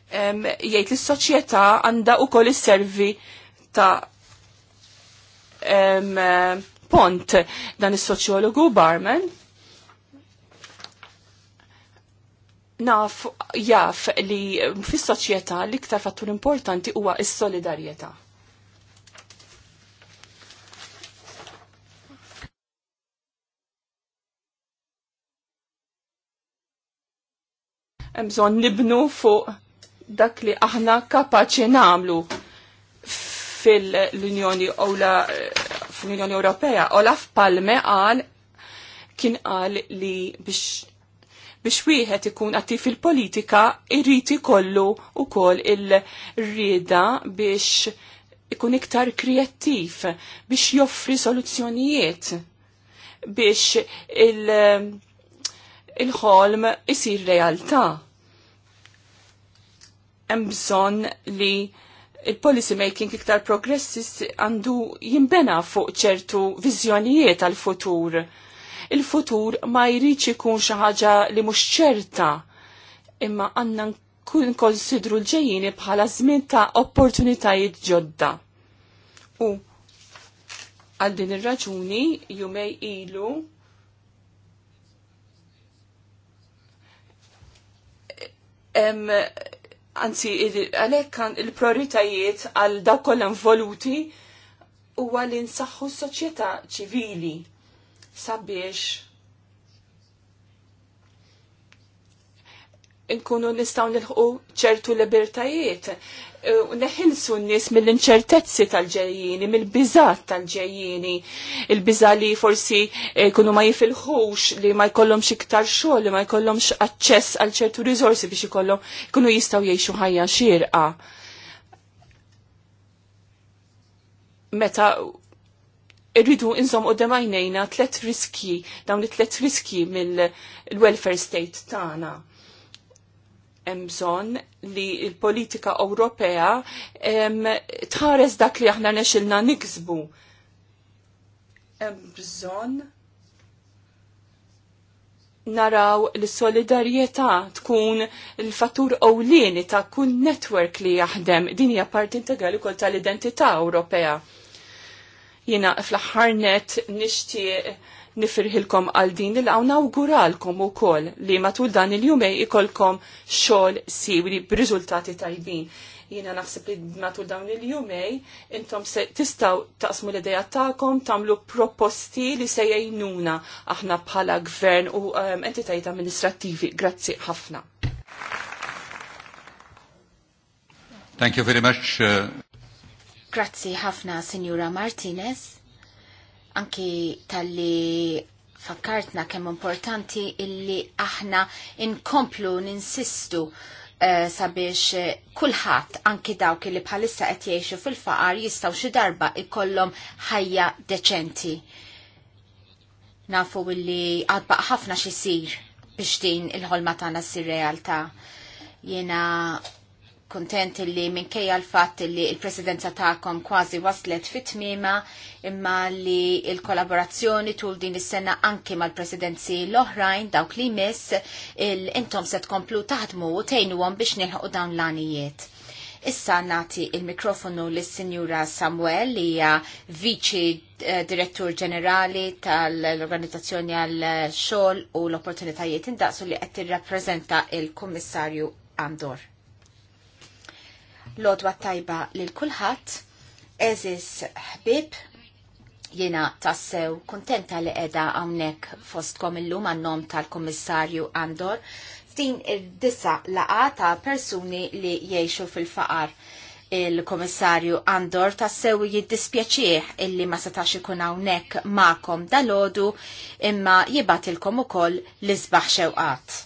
jgħid li s-soċjetà għandha wkoll is-servi ta' Eh, pont dan is-soċjologu Barman naf jaf li fis-soċjetà l-iktar fattur importanti huwa is-solidarjetà. bżonn nibnu fuq dak li aħna kapaċi namlu fil-Unjoni fil-Unjoni Ewropea. Olaf Palme qal kien qal li biex biex wieħed ikun attiv fil-politika irrid ikollu wkoll il-rieda biex ikun iktar kreattiv biex joffri soluzzjonijiet biex il- il-ħolm isir realtà. Hemm bżonn li il-policy making iktar progressis għandu jimbena fuq ċertu vizjonijiet għal futur Il-futur ma jridx ikun xi ħaġa li mhux ċerta, imma għandna nkun konsidru l-ġejjini bħala żmien ta' opportunitajiet ġodda. U għal din ir-raġuni jumej ilu em, anzi għalek kan il-prioritajiet għal daw kollan voluti huwa li nsaħħu s-soċjetà ċivili sabiex nkunu nistaw nilħu ċertu libertajiet. E, neħilsu n-nis mill-inċertezzi tal-ġejjini, mill-bizat tal-ġejjini, il-biza li forsi e, kunu ma jifilħux, li ma jkollomx iktar xogħol, li ma jkollomx aċċess għal ċertu rizorsi biex ikollhom kunu jistgħu jgħixu ħajja xirqa. Meta irridu inżom u demajnejna tlet riski, dawn it-tlet riski mill-welfare state tagħna. Ta bżonn li l-politika Ewropea tħares dak li aħna nexilna niksbu. Hemm bżonn naraw li solidarjetà tkun il-fattur ewlieni ta' kun network li jaħdem din hija parti integrali kol tal-identità Ewropea. Jiena fl-aħħar net nixtieq nifirħilkom għal din il u nawguralkom u kol li matul dan il-jumej ikolkom xol siwri b'riżultati tajbin. Jiena naħseb li matul dawn il-jumej intom se tistaw taqsmu l-ideja tagħkom tagħmlu proposti li se jgħinuna aħna bħala gvern u um, entitajiet amministrattivi. Grazzi ħafna. Thank you very much. Uh... Grazzi ħafna, Signora Martinez anki tal-li fakkartna kemm importanti illi aħna inkomplu ninsistu uh, sabiex eh, kulħadd anki dawk li bħalissa qed jgħixu fil-faqar jistgħu xi darba ikollhom ħajja deċenti. Nafu illi għadbaq ħafna xisir biex din il-ħolma tagħna ssir realtà. Jiena kontent li minkejja l-fatt li il-presidenza ta'kom kważi waslet fit-tmima imma li il-kollaborazzjoni tul din is-sena anki mal-presidenzi l-oħrajn dawk li mis il-intom se tkomplu taħdmu u għom biex nilħu dawn l-anijiet. Issa nati il-mikrofonu l sinjura Samuel li hija viċi eh, direttur ġenerali tal-Organizzazzjoni għal xogħol u l-opportunitajiet indaqsu li qed tirrappreżenta il-Kummissarju Andor l-odwa tajba lil kulħadd, eżis ħbib, jiena tassew kontenta li edha għawnek fostkom illum għannom tal-Komissarju Andor f'din id-disa laqa ta' persuni li jiexu fil-faqar. Il-Komissarju Andor tassew jiddispjaċieħ illi ma setax ikun hawnhekk ma'kom dalodu imma jibgħatilkom ukoll l-isbaħ xewqat.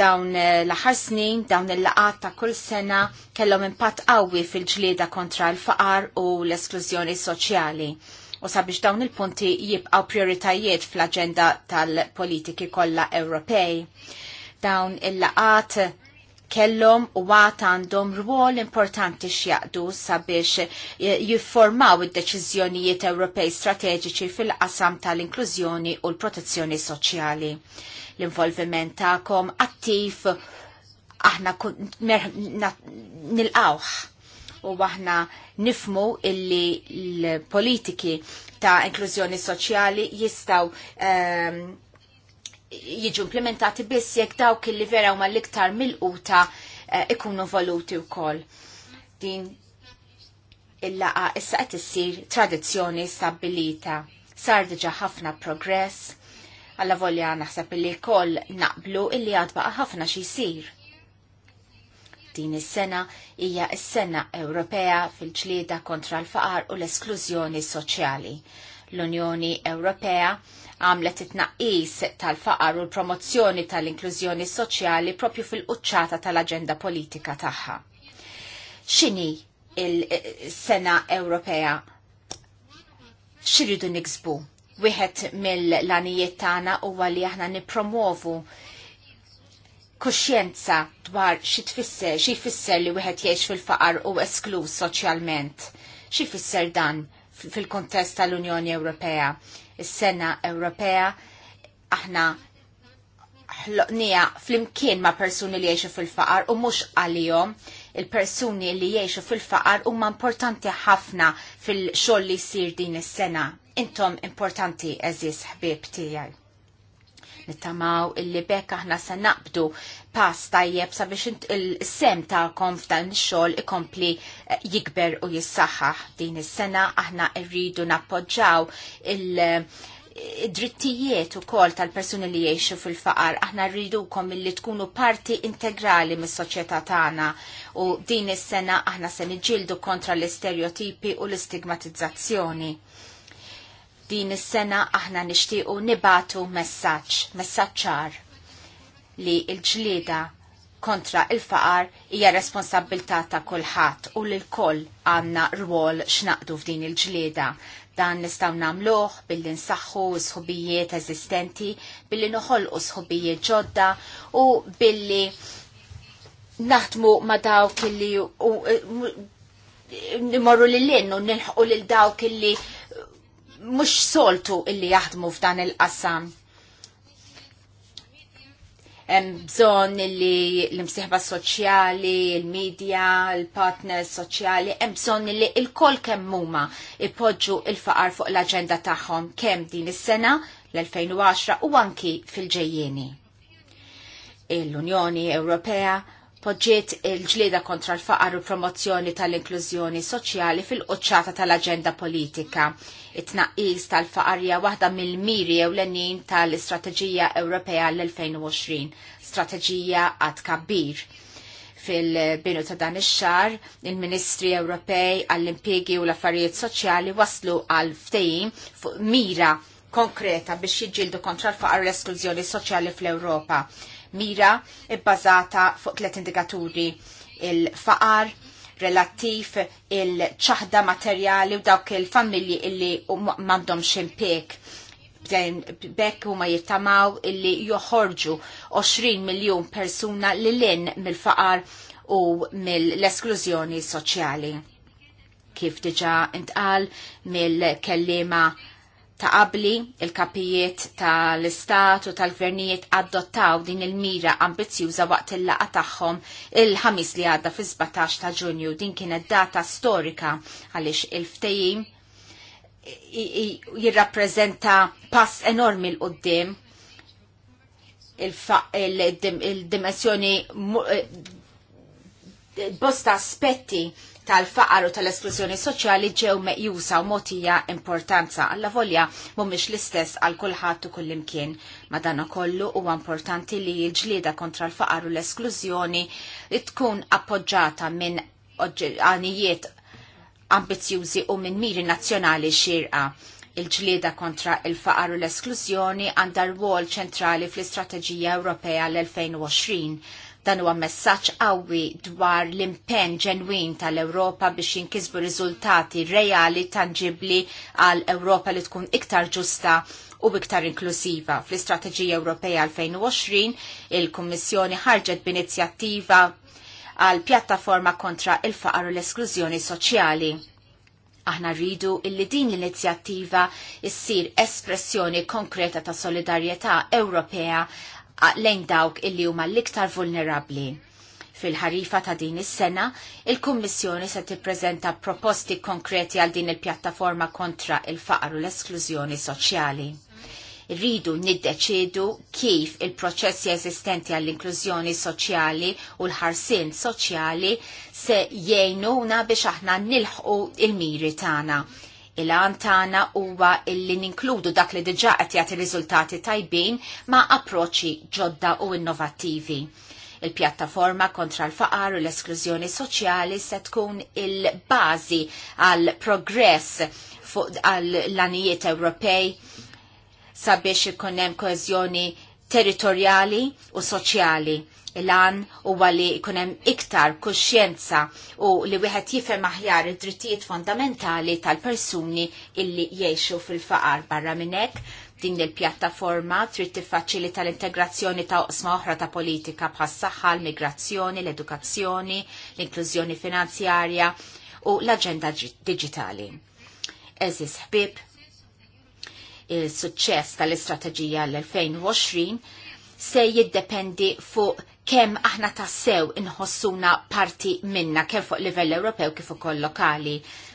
Dawn eh, l aħar snin, dawn il-laqat ta' kull sena kellhom impatt qawwi fil-ġlieda kontra l-faqar u l-esklużjoni soċjali. U sabiex dawn il-punti jibqgħu prioritajiet fl-aġenda tal-politiki kollha Ewropej. Dawn il-laqat kellhom u għat għandhom rwol importanti x'jaqdu sabiex jifformaw id-deċiżjonijiet Ewropej strateġiċi fil-qasam tal-inklużjoni u l-protezzjoni soċjali. L-involviment tagħkom attiv aħna nilqawh u aħna nifmu illi l-politiki ta' inklużjoni soċjali jistaw um, jiġu implementati biss jekk dawk li vera huma l-iktar mill-quta eh, ikunu voluti wkoll. Din il-laqa issa qed issir tradizzjoni stabbilita. Sar diġà ħafna progress, alla volja naħseb li koll naqblu illi għad baqa ħafna xi jsir. Din is-sena hija s-sena Ewropea fil-ġlieda kontra l-faqar u l-esklużjoni soċjali. L-Unjoni Ewropea għamlet it-naqis tal-faqar u l-promozzjoni tal-inklużjoni soċjali propju fil-quċċata tal-aġenda politika tagħha. X'inhi il-sena Ewropea? X'iridu niksbu? Wieħed mill-lanijiet tagħna huwa li aħna nippromovu kuxjenza dwar xi tfisser, xi jfisser li wieħed jgħix fil-faqar u esklu soċjalment. Xi jfisser dan fil-kontest tal-Unjoni Ewropea. Is-sena Ewropea aħna ħloqnija fl-imkien ma' persuni li jiexu fil-faqar u mux għalijom il-persuni li jiexu fil-faqar huma importanti ħafna fil-xogħol li jsir din is-sena. Intom importanti eżis ħbieb tiegħi nittamaw illi bekk aħna se naqbdu pass tajjeb sabiex il-sem ta'kom f'dan ix-xogħol ikompli eh, jikber u jissaxħaħ din is-sena aħna rridu nappoġġaw il- eh, drittijiet u kol tal-persuni li jiexu fil-faqar, aħna rridu kom li tkunu parti integrali mis soċjetà tagħna u din is-sena aħna se niġildu kontra l-istereotipi u l-istigmatizzazzjoni. Din is-sena aħna nixtiequ nibatu messaġġ, messaġġar li l-ġlieda kontra il-faqar hija responsabilità ta' kulħadd u l koll għandna rwol x'naqdu f'din il-ġlieda. Dan nistgħu nagħmluh billi nsaħħu sħubijiet eżistenti, billi noħolqu sħubijiet ġodda u billi naħdmu ma' dawk illi nimorru lil lin u nilħqu lil dawk illi mhux soltu illi jaħdmu f'dan il-qasam. Hemm bżonn illi l-imsieħba soċjali, il-medja, il-partners soċjali, hemm bżonn illi il-kol kemm huma ipoġġu il-faqar fuq l-aġenda tagħhom kemm din is-sena l-2010 u anki fil ġejjeni L-Unjoni Ewropea poġġiet il-ġlieda kontra l-faqar u promozzjoni tal-inklużjoni soċjali fil-qoċċata tal-aġenda politika it-tnaqqis tal-faqarja waħda mill-miri ewlenin tal-Istrateġija Ewropea l-2020, strateġija għad kabbir fil-binu ta' dan ix-xar, il-Ministri Ewropej għall-impjegi u l-affarijiet soċjali waslu għal ftehim fuq mira konkreta biex jiġġieldu kontra l-faqar l-esklużjoni soċjali fl-Ewropa. Mira bbażata fuq tliet indikaturi il-faqar, relattiv il-ċaħda materjali u dawk il-familji illi mandom ximpek. Bekk u ma jittamaw illi joħorġu 20 miljon persuna li l-in mill-faqar u mill-esklużjoni soċjali. Kif diġa intqal mill-kellima ta' qabli il-kapijiet tal-istat u tal-gvernijiet adottaw din il-mira ambizjuża waqt il-laqa tagħhom il-ħamis li għadda fi 17 ta' Ġunju din kienet data storika għaliex il-ftejim jirrapprezenta pass enormi l-qoddim il-dimensjoni eh, bosta aspetti tal-faqar u tal-esklużjoni soċjali ġew meqjusa u motija importanza għalla volja mhumiex l-istess għal kulħadd u kullimkien. Madana kollu huwa importanti li l-ġlieda kontra l-faqar u l-esklużjoni tkun appoġġata minn għanijiet ambizjużi u minn miri nazzjonali xirqa il-ġlieda kontra il-faqar u l-esklużjoni għandha rwol ċentrali fl-Istrateġija Ewropea l-2020 Dan huwa messaġġ qawwi dwar l-impenn ġenwin tal-Ewropa biex jinkisbu riżultati reali tangibbli għal Ewropa li tkun iktar ġusta u iktar inklusiva. Fl-Istrateġija Ewropea 2020, il-Kummissjoni ħarġet b'inizjattiva għal pjattaforma kontra il-faqar u l-esklużjoni soċjali. Aħna rridu illi din l-inizjattiva issir espressjoni konkreta ta' solidarjetà Ewropea lejn dawk illi huma l-iktar vulnerabbli. Fil-ħarifa ta' din is-sena, il-Kummissjoni se tippreżenta proposti konkreti għal din il-pjattaforma kontra il-faqar u l-esklużjoni soċjali. Rridu niddeċidu kif il-proċessi eżistenti għall-inklużjoni soċjali u l-ħarsin soċjali se jgħinuna biex aħna nilħqu il-miri tagħna Il-għan tagħna huwa illi ninkludu dak li diġà qed jagħti riżultati tajbin ma' approċċi ġodda u innovattivi. Il-pjattaforma kontra l-faqar u l-esklużjoni soċjali se tkun il-bażi għal progress fuq l-anijiet Ewropej sabiex ikun hemm koeżjoni territorjali u soċjali il an u għalli kunem iktar kuxjenza u li wieħed jifhem aħjar id-drittijiet fondamentali tal-persuni illi jiexu fil-faqar barra minnek din il-pjattaforma trid tiffaċilita l-integrazzjoni ta' oqsma oħra ta' politika bħas saħħa l-migrazzjoni, l-edukazzjoni, l-inklużjoni finanzjarja u l-aġenda digitali. Eżis ħbib, il-suċċess tal-istrateġija l-2020 se jiddependi fuq kemm aħna tassew inħossuna parti minna kemm fuq livell Ewropew kif ukoll lokali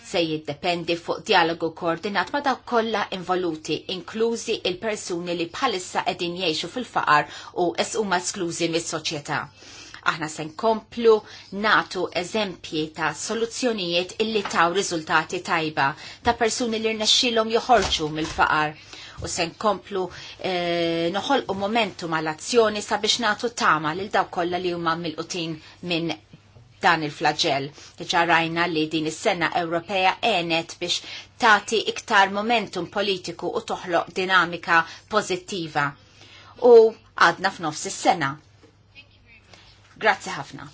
se jiddependi fuq dialogu koordinat ma dawk kollha involuti, inklużi il-persuni li bħalissa qegħdin jgħixu fil-faqar u es huma esklużi mis-soċjetà. Aħna se nkomplu natu eżempji ta' soluzzjonijiet illi taw riżultati tajba ta' persuni li rnexxilhom joħorġu mill-faqar u se nkomplu eh, u momentu l azzjoni sabiex nagħtu tama lil dawk kollha li huma milqutin minn dan il-flagell. Ġarajna li din is-sena Ewropea għenet biex tati iktar momentum politiku u toħloq dinamika pozittiva. U għadna f'nofs is-sena. Grazzi ħafna.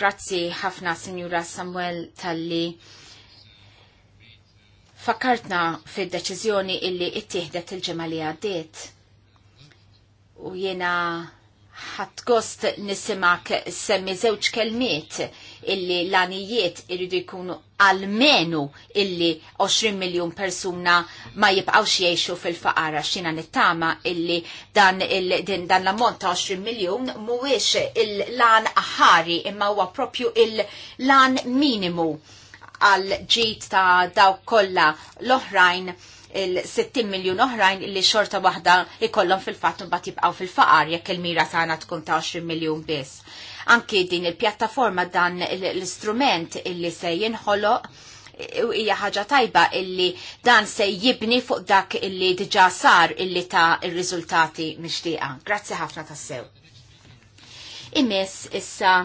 Grazzi ħafna Sinjura Samuel Talli. Fakkartna fid-deċiżjoni illi ittieħdet il ġemalija li għaddiet. U jiena ħat gost nisimak semmi żewġ kelmiet illi l-anijiet irridu jkunu almenu illi 20 miljon persuna ma jibqawx jiexu fil-faqara xina nittama illi dan, il, din, dan l-ammont ta' 20 miljon muwiex il-lan aħari imma huwa propju il-lan minimu għal ġit ta' daw kolla l-oħrajn il-60 miljon oħrajn li xorta waħda ikollhom fil-fatt mbagħad jibqgħu fil-faqar jekk il-mira tagħna tkun ta' 20 miljun biss. Anki din il-pjattaforma dan l-istrument illi se jinħoloq hija ħaġa tajba illi dan se jibni fuq dak illi diġà sar illi ta' il riżultati mixtieqa. Grazzi ħafna tassew. Imis issa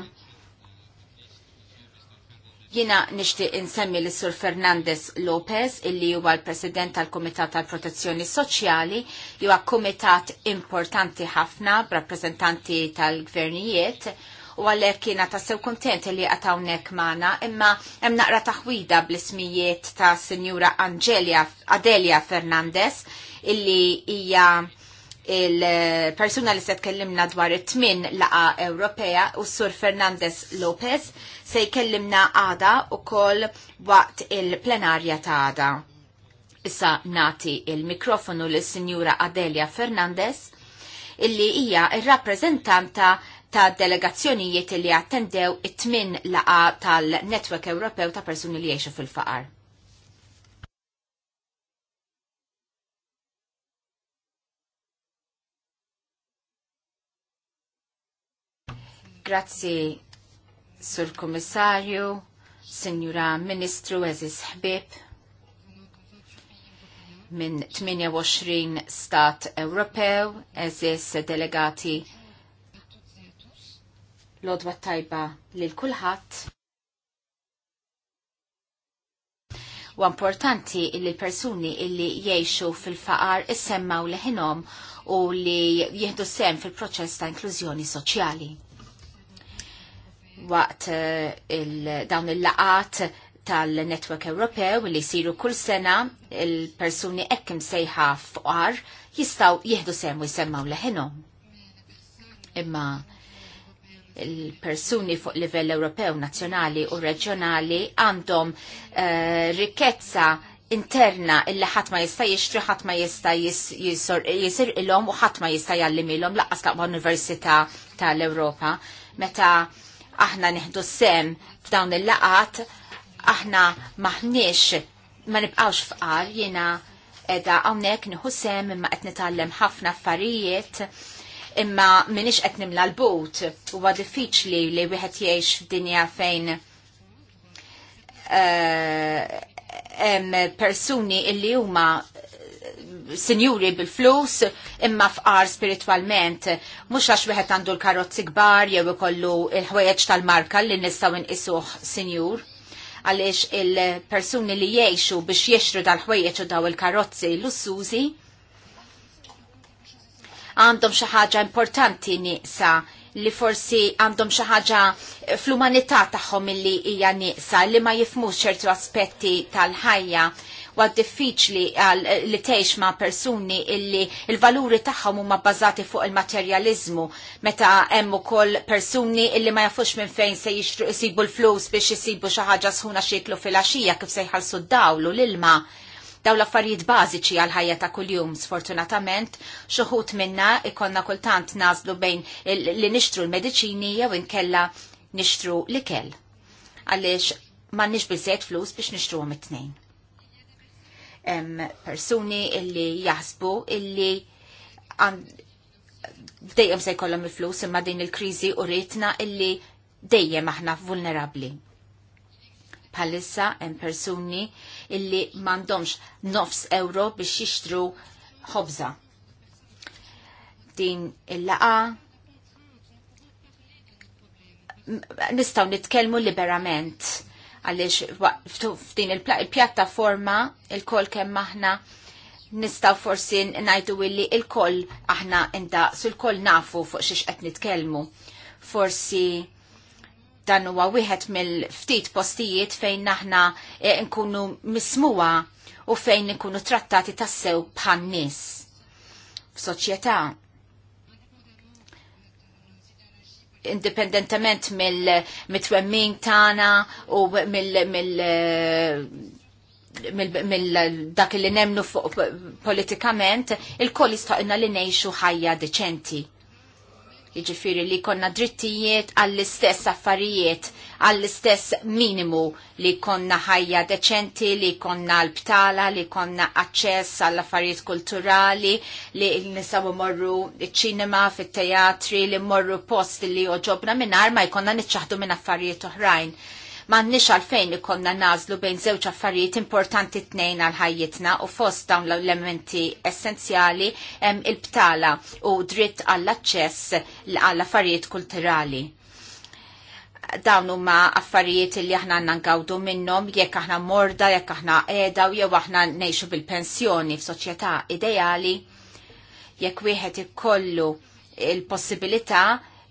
Jina nishtiq insemmi l sur Fernandez Lopez, illi huwa l-President tal-Komitat tal-Protezzjoni Soċjali, huwa komitat importanti ħafna b'rappreżentanti tal-gvernijiet, u għallek kiena tassew kontent li għatawnek maħna, imma hemm naqra taħwida bl-ismijiet ta' Sinjura Angelia Adelia Fernandez, illi hija il-persuna li se tkellimna dwar it-tmin laqa Ewropea u Sur Fernandez Lopez se jkellimna għada u koll waqt il-plenarja ta' għada. Issa nati il-mikrofonu l sinjura Adelia Fernandez illi hija il rappresentanta ta' delegazzjonijiet li attendew it-tmin laqa tal-Network Ewropew ta' persuni li jiexu fil-faqar. Grazzi, Sur Kommissarju, signora Ministru Eżis Ħbib, minn 28 stat Ewropew, eżis delegati lodwa tajba lil kulħadd. U importanti illi l-persuni illi jiexu fil-faqar issemmaw leħinom u li jihdu sem fil-proċess ta' inklużjoni soċjali waqt eh, dawn il-laqat tal-Network Ewropew li jisiru kull sena il-persuni ekkim sejħa fqar jistaw jihdu sem u jisemmaw leħenom. Imma il-persuni fuq livell Ewropew, nazzjonali u reġjonali għandhom uh, rikkezza interna illi ħadd ma jista' jixtri, ħadd ma jista' jisir ilhom u ħadd ma jista' jallim ilhom laqqas laqwa Università tal-Ewropa. Meta aħna neħdu sem f'dawn il-laqat, aħna maħniex ma nibqawx fqar jiena edha hawnhekk nħu sem imma qed nitgħallem ħafna affarijiet imma minix qed nimla l-bot huwa diffiċli li wieħed jgħix f'dinja fejn uh, persuni illi huma sinjuri bil-flus imma fqar spiritualment. Mux għax wieħed għandu l-karozzi kbar jew ikollu il-ħwejjeġ tal-marka li nistgħu nqisuh sinjur għaliex il-persuni li jgħixu biex jexru dal-ħwejjeġ u daw il-karozzi lussużi għandhom xi ħaġa importanti nieqsa li forsi għandhom xi ħaġa fl-umanità tagħhom illi hija nieqsa li ma jifmux ċertu aspetti tal-ħajja u diffiċli eh, li teħx ma' persuni illi il-valuri tagħhom huma bbażati fuq il materializmu meta hemm ukoll persuni illi ma jafux minn fejn se jixtru isibu l-flus biex jisibu xi ħaġa sħuna xieklu fil axija kif se jħallsu d-dawlu l-ilma daw l-affarijiet bażiċi għal ħajja ta' kuljum sfortunatament xuħut minna ikonna kultant nażlu bejn li nixtru l-mediċini jew inkella nixtru l-ikel. Għaliex ma nix bizzejt flus biex nixtru għom it-tnejn hemm persuni illi jaħsbu illi dejjem se jkollhom il-flus imma din il-kriżi u rritna illi dejjem aħna vulnerabbli. Bħalissa hemm persuni illi m'għandhomx nofs euro biex jixtru ħobża. Din il-laqa nistaw nitkellmu liberament għaliex f'din il-pjattaforma il-koll kemm aħna nistaw forsi najdu illi il-koll aħna inda sul-koll nafu fuq xiex qed nitkellmu. Forsi dan huwa wieħed mill-ftit postijiet fejn aħna eh, nkunu mismuwa u fejn nkunu trattati tassew bħan nies. F'soċjetà indipendentament mill-mitwemmin tagħna u mill-, mill mill-dak li nemnu politikament, il-koll inna li ngħixu ħajja deċenti. Jiġifieri li konna drittijiet għall-istess affarijiet, għall-istess minimu li konna ħajja deċenti, li konna l-btala, li konna aċċess għall-affarijiet kulturali, li nisabu morru ċinema, fit-teatri, li morru post li oġobna minn ma jkonna nċaħdu minn affarijiet oħrajn m'għandniex għalfejn li konna nazlu bejn żewġ affarijiet importanti tnejn għal ħajjitna u fost dawn l-elementi essenzjali il-btala u dritt għall-aċċess għall affarijiet kulturali dawn huma affarijiet li aħna nangawdu minnhom jekk aħna morda, jekk aħna qiegħda u jew aħna ngħixu bil-pensjoni f'soċjetà ideali jekk wieħed ikollu il-possibilità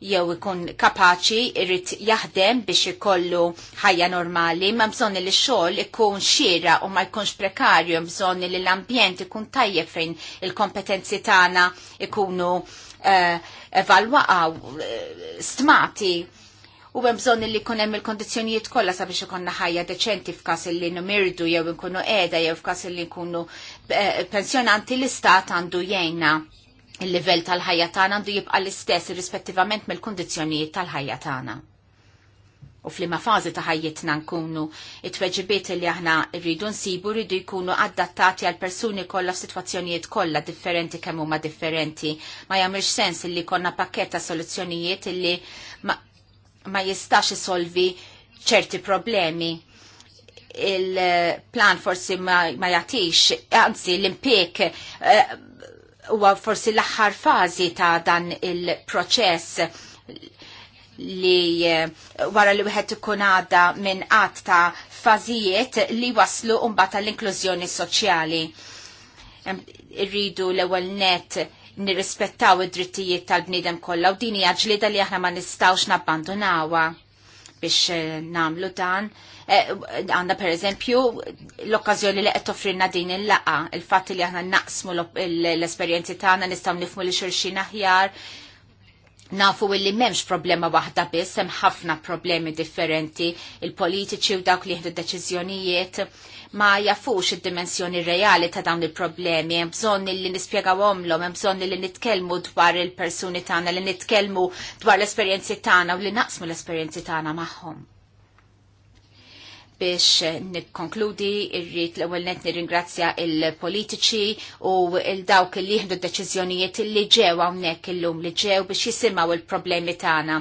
jew ikun kapaċi irrit jaħdem biex ikollu ħajja normali, ma bżonni li xogħol ikun xira u ma jkunx prekarju, bżonni li l-ambjent ikun tajjeb fejn il-kompetenzi tagħna ikunu uh, uh, stmati. U hemm bżonn li jkun hemm il-kondizzjonijiet kollha sabiex ikonna ħajja deċenti f'każ li numirdu jew inkunu qiegħda jew f'każ li nkunu uh, pensjonanti l-istat għandu jgħinna il-livell tal-ħajja tagħna għandu jibqa' l-istess irrispettivament mill-kundizzjonijiet tal-ħajja tagħna. U fl fażi ta' ħajjitna nkunu it-tweġibiet li aħna rridu nsibu rridu jkunu adattati għal persuni kollha f'sitwazzjonijiet kollha differenti kemm huma differenti. Ma jagħmilx sens li konna pakket ta' soluzzjonijiet illi ma, ma jistax isolvi ċerti problemi il-plan forsi ma, ma jatix, anzi l-impik uh, eh, huwa forsi l-aħħar fażi ta' dan il-proċess li eh, wara li wieħed ikun għadda minn qatt ta' fażijiet li waslu mbagħad tal-inklużjoni soċjali. Irridu l-ewwel net nirrispettaw id-drittijiet tal-bniedem kollha u din hija ġlieda li aħna ma nistgħux nabbandunawha biex eh, nagħmlu dan Eh, per pereżempju l-okkażjoni li qed toffrilna din il-laqa, il-fatt li aħna naqsmu l-esperjenzi tagħna nistgħu nifmu li xulxin aħjar nafu illi memx problema wahda biss, hemm ħafna problemi differenti, il-politiċi u dawk li jieħdu deċiżjonijiet ma jafux id-dimensjoni reali ta' dawn il-problemi, hemm bżonn li nispjegawhomlhom, hemm bżonn li nitkellmu dwar il-persuni tagħna, li nitkellmu dwar l-esperjenzi tagħna u li naqsmu l-esperjenzi tagħna magħhom biex nikkonkludi irrit l ewwel net nirringrazzja il-politiċi u il-dawk li jihdu deċiżjonijiet li ġew hawnhekk illum li ġew biex jisimgħu il-problemi tagħna.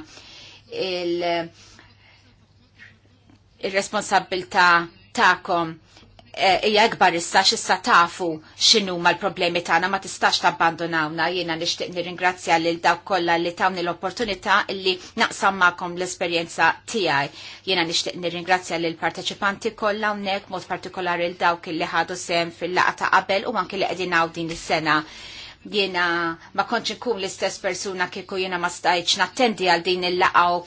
Il-responsabilità il, Eh, hija ikbar issa x'issa tafu x'inhu l-problemi tagħna ma tistax tabbandonawna. Jiena nixtieq nirringrazzja lil dawk kollha li tawni l-opportunità li naqsam magħkom l-esperjenza tiegħi. Jiena nixtieq nirringrazzja lil parteċipanti kollha hawnhekk mod partikolari l dawk li ħadu sem fil-laqgħa ta' qabel u anke li qegħdin din is-sena. Jiena ma konċi kum l-istess persuna kieku jiena ma stajċ nattendi għal din il-laqaw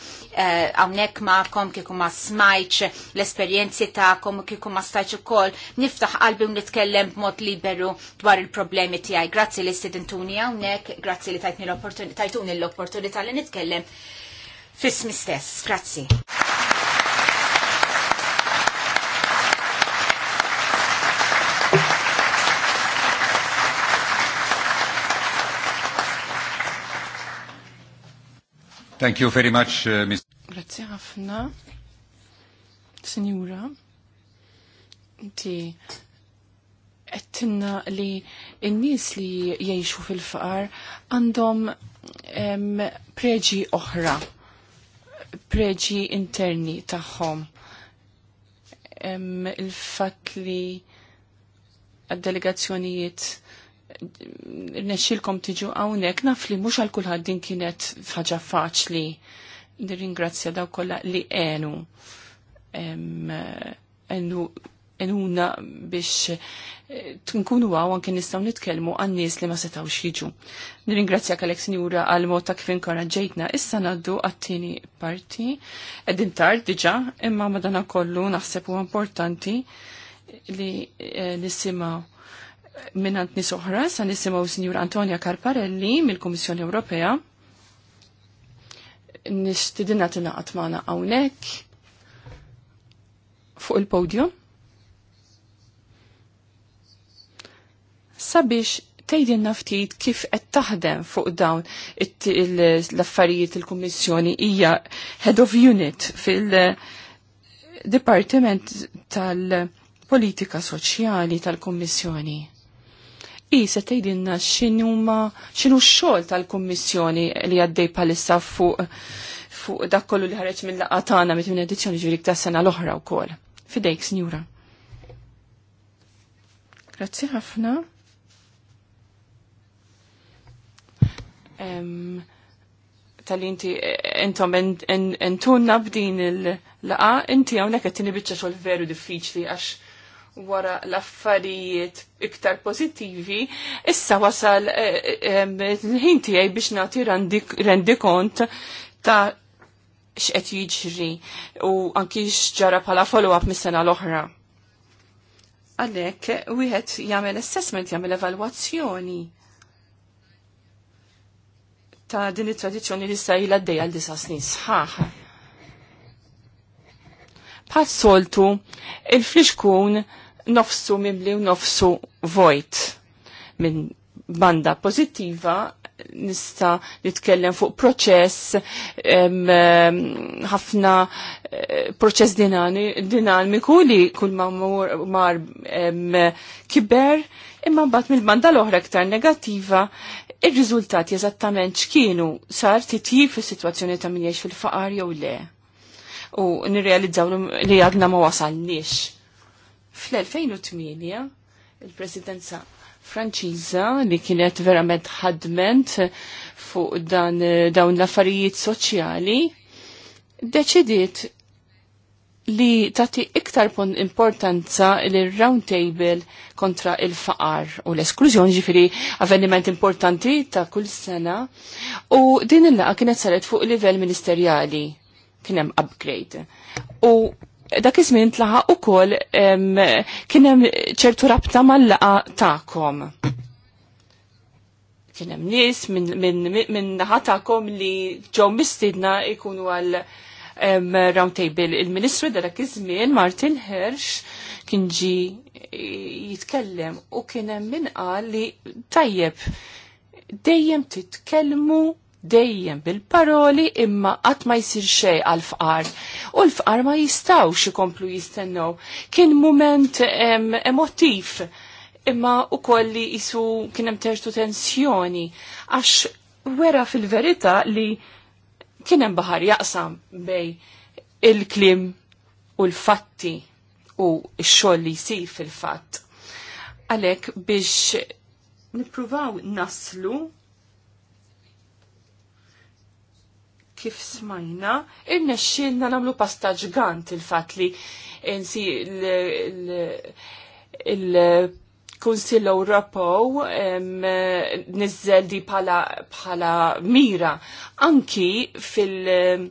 għawnek eh, ma kom kieku ma smajċ l-esperienzi ta' kom kieku ma stajċ u kol niftaħ qalbi u nitkellem b'mod liberu dwar il-problemi tijaj. Grazzi li stidintuni għawnek, grazzi li tajtuni l-opportunità li nitkellem fis mistess Grazzi. Thank you very much, uh, Ms. Grazie ħafna, Signora. ti għettinna li n-nis li jiexu fil-faqar għandhom preġi oħra, preġi interni taħħom. Il-fat li għad-delegazzjonijiet nesċilkom tiġu hawnhekk naf li mhux għal kulħadd din kienet ħaġa faċli. Nirringrazzja daw kollha li għenu. Enuna biex eh, nkunu għaw anke nistaw nitkellmu għan-nies li ma setawx jiġu. ingrazzja kalek sinjura għal mod ta' kif ġejtna, Issa naddu għat-tieni parti. għedin tard diġà, imma madana kollu naħseb huwa importanti li eh, nisimgħu minnant nisoħra, oħra, sa nisimaw Sinjur Antonia Karparelli mill-Komissjoni Ewropea. Nistidina tinaqat għatmana għawnek fuq il-podium. Sabiex tgħidilna ftit kif qed taħdem fuq dawn l-affarijiet il-Kummissjoni hija head of unit fil-Dipartiment tal-Politika Soċjali tal-Kummissjoni. I se tgħidilna x'inhuma x'inhu x-xogħol tal-Kummissjoni li għaddej palissa fuq fu dak kollu li ħareġ mill-laqgħa tagħna mit minn edizzjoni ġurik ta' sena l-oħra wkoll. Fidejk, Sinjura. Grazzi ħafna. tal-inti eh, intom entunna b'din il-laqa, inti għawnek għattini bieċa xol veru diffiċli għax wara l-affarijiet iktar pozittivi, issa wasal eh, eh, ħin tiegħi biex nagħti rendi kont ta' x'qed jiġri u anki x'ġara bħala follow-up mis-sena l-oħra. Għalhekk wieħed jagħmel assessment, jagħmel evalwazzjoni ta' din it-tradizzjoni li sa' jila d-dej għal disasni sħax. sħaħ. Pat soltu, il-fliexkun nofsu mimli u nofsu vojt minn banda pozittiva nista nitkellem fuq proċess ħafna eh, proċess dinamiku li kull ma mar kiber imma mbagħad mill-banda l-oħra iktar negattiva ir-riżultati eżattament x'kienu sar titjib fis-sitwazzjoni ta' min fil-faqar jew le. U nirrealizzaw li għadna ma wasalniex Fl-2008 il-presidenza Franċiża li kienet verament ħadment fuq dan dawn l-affarijiet soċjali deċidiet li tati iktar importanza l-round table kontra il-faqar u l-esklużjoni ġifiri avveniment importanti ta' kull sena u din il-laqa kienet saret fuq livell ministerjali kienem upgrade. U dak iż-żmien tlaħa ukoll kien hemm ċertu rabta mal-laqa tagħkom. Kien hemm nies minn naħa tagħkom li ġew mistiedna jkunu għal round table. Il-Ministru dak iż-żmien Martin Hirsch kien ġi jitkellem u kien hemm min qal li tajjeb dejjem titkellmu dejjem bil-paroli imma qatt ma jsir xej għal fqar. U l-fqar ma jistawx ikomplu jistennew. Kien mument em, emotiv imma u kolli jisu kienem tertu tensjoni għax wera fil-verita li kienem baħar jaqsam bej il-klim u l-fatti u x-xogħol li jsir fil-fatt. Għalhekk biex nippruvaw naslu kif smajna, irnexxinna namlu pasta ġgant il-fat li insi il-Kunsill Ewropew nizzel di bħala mira anki fil-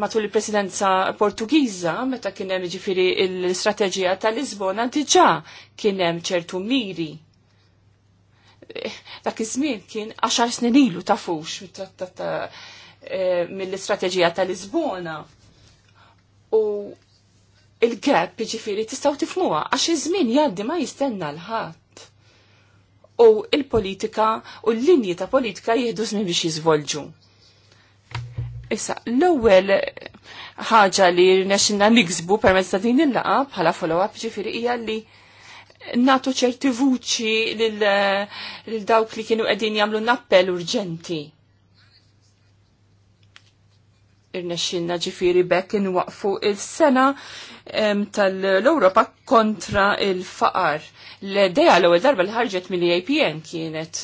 matul il-presidenza Portugiża, meta kien hemm ġifiri l strategija tal-Lisbona, diġà kien hemm ċertu miri. Dak iż-żmien kien għaxar snin ilu tafux mit-trattat Eh, mill-istrateġija tal-Lisbona. U il-gap ġifiri tistaw tifmuha għax iż-żmien jgħaddi ma jistenna l-ħadd. U il-politika u l-linji ta' politika jieħdu żmien biex jiżvolġu. Issa, l-ewwel ħaġa li rnexxinna niksbu permezz ta' din il-laqgħa bħala follow-up ġifieri hija li natu ċerti vuċi lil dawk li kienu qegħdin jagħmlu nappell urġenti irnexxinna ġifiri bekk inwaqfu il-sena tal-Europa kontra il-faqar. L-ideja l-ewwel darba li ħarġet mill-APN kienet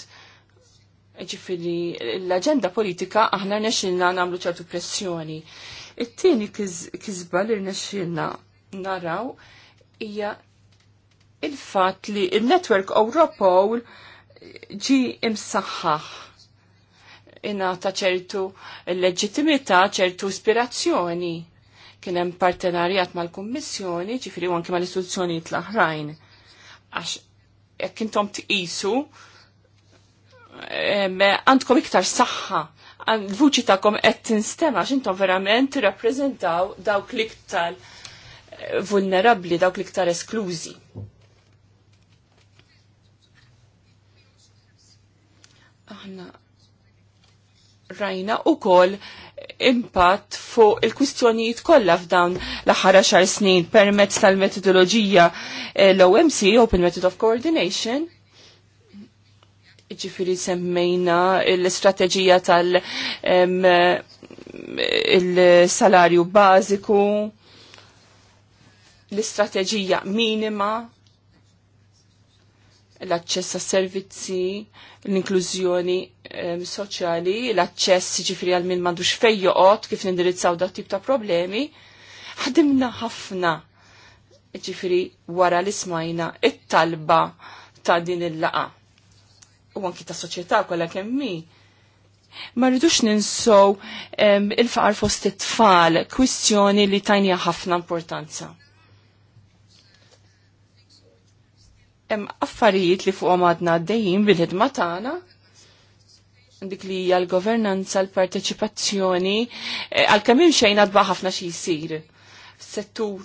ġifiri l-agenda politika aħna rnexxinna nagħmlu ċertu pressjoni. It-tieni kizba li naraw hija il-fatt li il-Network Europol ġi imsaħħaħ inata ċertu leġitimita, ċertu ispirazzjoni. Kien hemm partenarjat mal-Kummissjoni, ġifiri anke mal l l-oħrajn. Għax jekk intom tqisu għandkom iktar saħħa l-vuċi ta'kom qed tinstema' x'intom verament tirrappreżentaw dawk l-iktar eh, vulnerabbli, dawk l-iktar esklużi. Aħna rajna u kol impatt fuq il-kwistjonijiet kollha f'dawn l-aħħar xar snin permezz tal-metodoloġija eh, l-OMC, Open Method of Coordination, ġifiri semmejna l-istrateġija tal-salarju bażiku, l-istrateġija minima l-aċċess għas servizzi, l-inklużjoni ehm, soċjali, l-aċċess ġifri għal minn mandux fej joqgħod kif nindirizzaw da tip ta' problemi. Ħadimna ħafna ġifri wara li smajna it-talba ta' din il-laqa. U għanki ta' soċjetà kollha kemmi. Ma rridux ninsow ehm, il-faqar fost it-tfal, kwistjoni li tajnija ħafna importanza hemm affarijiet li fuqhom għadna għaddejjin bil-ħidma tagħna dik li hija l-governanza, l-parteċipazzjoni, eh, għalkemm hemm xejn għadba ħafna xi jsir. Settur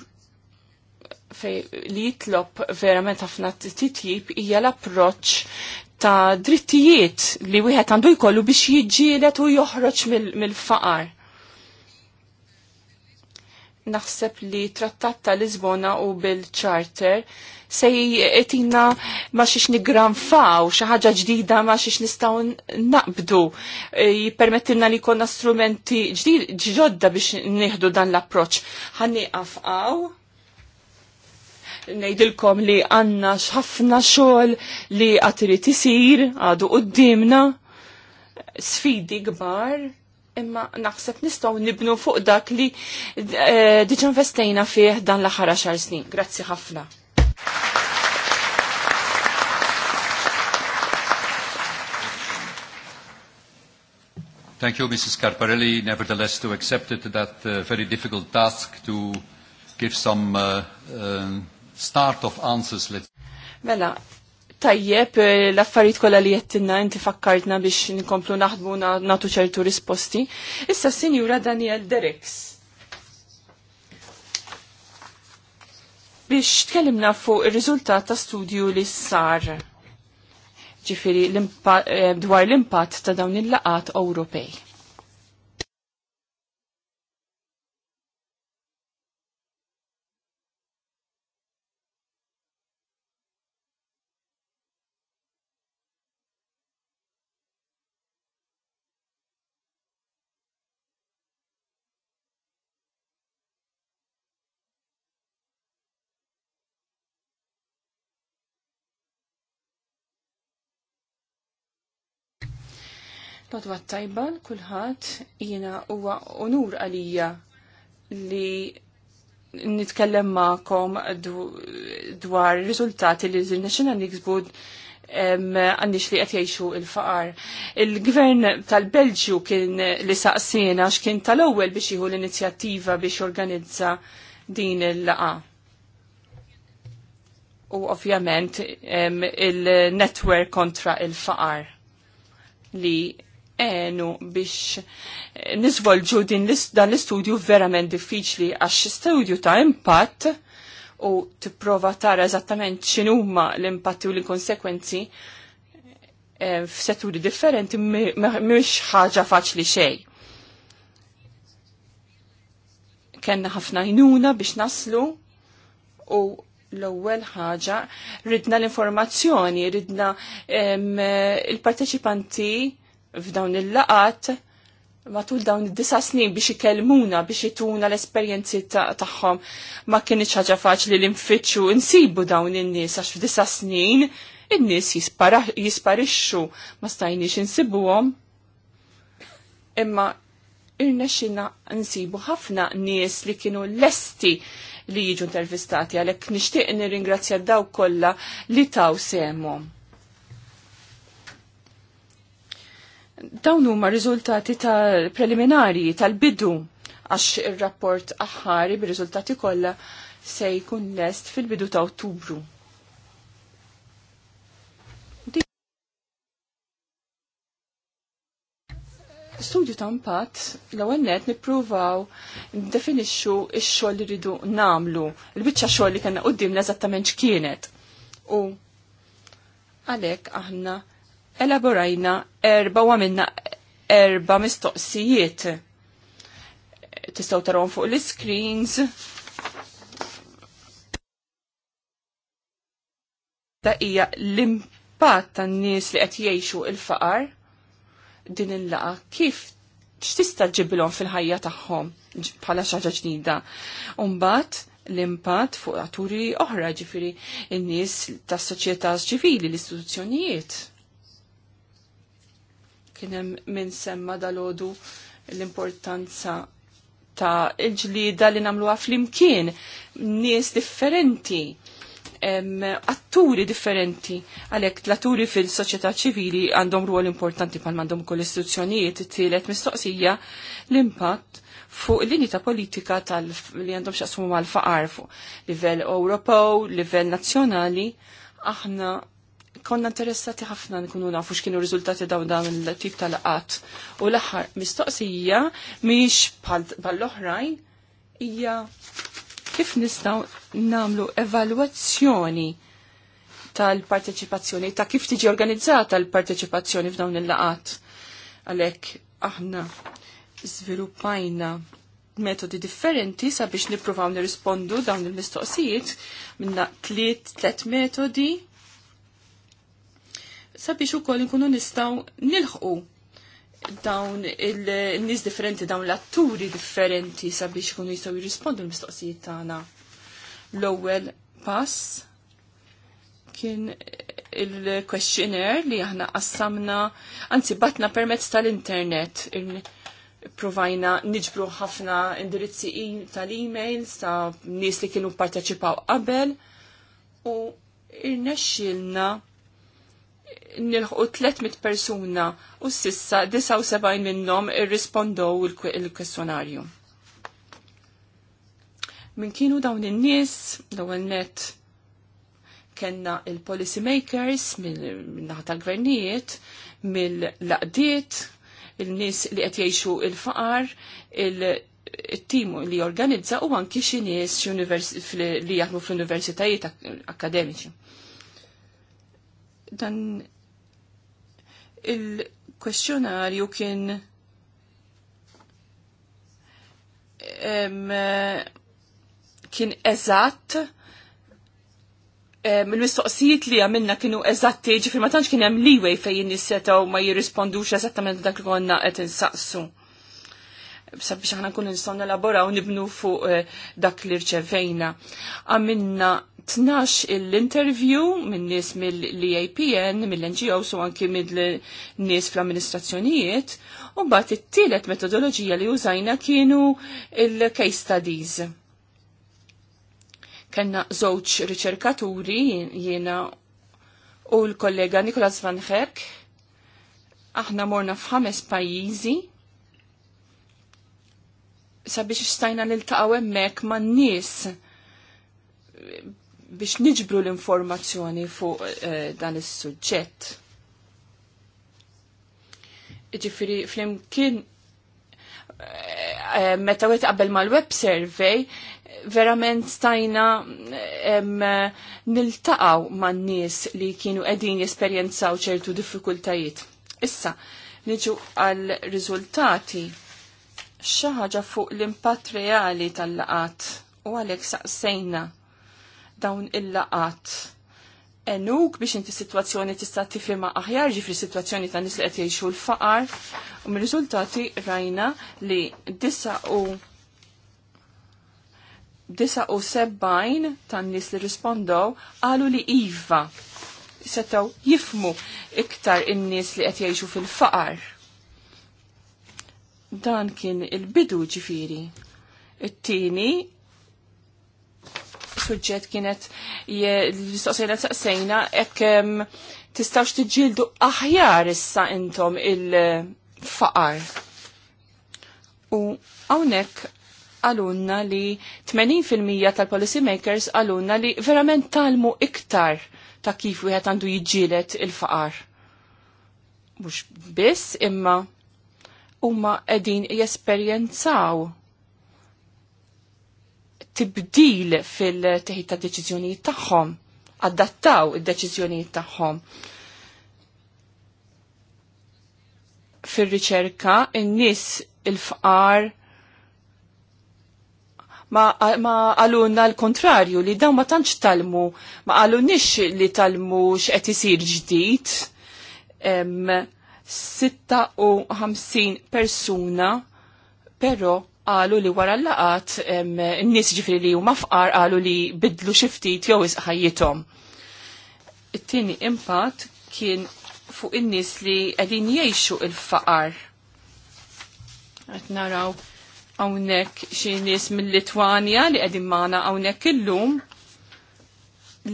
li jitlob verament ħafna titjib hija l-approċċ ta' drittijiet li wieħed għandu jkollu biex jiġġieled u joħroġ mill-faqar naħseb li trattat ta' Lisbona u bil-charter se jtina ma xiex faw, xaħġa ġdida ma xiex nistaw naqbdu, e, jipermettilna li konna strumenti ġodda biex nieħdu dan l-approċ. Ħanni għafqaw, nejdilkom li għanna xafna xol li għatiri tisir, għadu għoddimna, sfidi gbar, imma naħseb nistgħu nibnu fuq dak li eh, diġ investejna fih dan l-aħħar xar snin. Grazzi ħafna. Thank you, Mrs. Carparelli, nevertheless, to accept it, that uh, very difficult task to give some uh, uh, start of answers. Let's... Mela, tajjeb eh, l-affarijiet kollha li jettinna inti fakkartna biex nkomplu naħdmu nagħtu ċertu risposti. Issa sinjura Daniel Derex. Biex tkellimna fuq ir-riżultat ta' studju li sar ġifiri eh, dwar l-impatt ta' dawn il-laqat Ewropej. Lodwa tajba kulħadd jina huwa onur għalija li nitkellem ma'kom dwar riżultati li l national Niksbu għandix li qed jgħixu il-faqar. Il-gvern tal-Belġju kien li saqsina x'kien tal-ewwel biex jieħu l-inizjattiva biex organizza din il-laqa. U ovvjament il-network kontra il-faqar li enu biex nizvolġu din dan l-istudju verament diffiċli għax studju ta' impatt u tipprova tara eżattament x'inhuma l impatt u l-konsekwenzi eh, f'setturi differenti mhux ħaġa faċli xejn. Kenna ħafna jnuna biex naslu u l-ewwel ħaġa ridna l-informazzjoni, ridna il-parteċipanti f'dawn il-laqat matul dawn id-disa snin biex ikellmuna biex ituna l-esperjenzi tagħhom ma kienx ħaġa faċli li nfittxu insibu dawn in-nies għax f'disa snin in-nies jisparixxu ma stajniex insibuhom. Imma irnexxina nsibu ħafna nies li kienu lesti li jiġu intervistati għalhekk nixtieq nirringrazzja daw kollha li taw semhom. Dawn huma riżultati ta' preliminari tal-bidu għax ir-rapport aħħari bir-riżultati kollha se jkun lest fil-bidu ta' Ottubru. Studju ta' impatt l-ewwel net nippruvaw ndefinixxu x-xogħol li rridu nagħmlu, il-biċċa xogħol li kellna qudiemna eżattament x'kienet. U għalhekk aħna elaborajna erba u għamilna erba mistoqsijiet. Tistaw tarawn fuq l-screens. Da hija l-impatt tan-nies li qed jgħixu l-faqar din il-laqa kif x'tista' ġibilhom fil-ħajja tagħhom bħala xi ħaġa ġdida. mbagħad l-impatt fuq atturi oħra ġifiri n-nies tas-soċjetà ċivili, l-istituzzjonijiet kienem minn semma dalodu l-importanza ta' il-ġlida li namluha fl-imkien, nies differenti, atturi differenti, għalek l-atturi fil-soċjetà ċivili għandhom ruol importanti pal mandom kol istituzzjonijiet, tielet mistoqsija l-impatt fuq il-linji ta' politika tal li għandhom xaqsumu mal-faqar fuq livell Ewropew, livell nazzjonali, aħna konna interessati ħafna nkunu nafu x'kienu riżultati dawn dan il-tip tal laqat. U l-aħħar mistoqsija mhix bħall-oħrajn hija kif nistgħu nagħmlu evalwazzjoni tal-parteċipazzjoni, ta' kif tiġi organizzata l-parteċipazzjoni f'dawn il-laqat. Għalhekk aħna żviluppajna metodi differenti sabiex nippruvaw nirrispondu dawn il-mistoqsijiet minna tliet tliet metodi sabiex ukoll nkunu nistgħu nilħqu dawn il-nis differenti, dawn l-atturi differenti sabiex kunu jistaw jirrispondu l-mistoqsijiet tagħna. L-ewwel pass kien il-questionnaire li aħna qassamna, anzi batna permezz tal-internet provajna niġbru ħafna indirizzi tal-emails ta' nies li kienu parteċipaw qabel u irnexxilna nilħu 300 persuna u sissa 79 minnom irrispondow il-kwestjonarju. Min kienu dawn in-nies, l-ewwel net kenna il-policy makers mill-naħa ta' gvernijiet, mill-laqdiet, il-nies li qed jgħixu il-faqar, il-tim li jorganizza u anki xi nies li jaħdmu fl-universitajiet akademiċi dan il-kwestjonarju kien kien eżatt mill mistoqsijiet li għamilna kienu eżatti ġifir ma tantx kien hemm liwej fejn in ma jirrispondux eżattament dak li konna qed insaqsu sabiex aħna nkun nistgħu nelaboraw nibnu fuq eh, dak li rċevejna. Għamilna 12 l-interview minn nies mill-EAPN, mill-NGO, su anki mill-nies fl-amministrazzjonijiet, u mbagħad it-tielet metodoloġija li użajna kienu il-case studies. Kenna żewġ riċerkaturi jiena u l-kollega Nikolas Van Herk, aħna morna f'ħames pajjiżi sabiex stajna niltaqgħu hemmhekk man-nies biex niġbru l-informazzjoni fuq eh, dan is-suġġett. Ġifiri, flimkien eh, meta wet qabel mal-web survey, verament stajna eh, ma man nies li kienu qegħdin jesperjenzaw ċertu diffikultajiet. Issa, niġu għal riżultati xaħġa fuq l-impatt reali tal-laqat u għalek saqsejna dawn il-laqat enuk biex inti situazzjoni tista' tifhimha aħjar ġifri situazzjoni ta' nies li qed jgħixu l-faqar u mir-riżultati rajna li disa u 79 tan nies li rispondow qalu li iva setaw jifmu iktar in-nies li qed jgħixu fil-faqar Dan kien il-bidu ġifiri. It-tieni suġġett kienet l-istoqsejna saqsejna hekk tistax t-ġildu aħjar issa intom il-faqar. U hawnhekk għalunna li 80% tal-policy makers għalunna li verament talmu iktar ta' kif wieħed għandu jġilet il-faqar. Mhux biss imma huma qegħdin jesperjenzaw tibdil fil-teħid ta' deċiżjonijiet tagħhom, adattaw id-deċiżjonijiet tagħhom. Fir-riċerka n nies il-fqar ma għalunna l-kontrarju li daw ma tantx talmu, ma għalunix li talmu x'qed isir ġdid 56 persuna, pero għalu li wara l-laqat n-nis ġifri li huma mafqar għalu li bidlu xiftit jew isqħajjithom. It-tieni impatt kien fuq in-nies li qegħdin jgħixu il-faqar. Qed naraw hawnhekk xi nies mill litwania li qegħdin magħna hawnhekk illum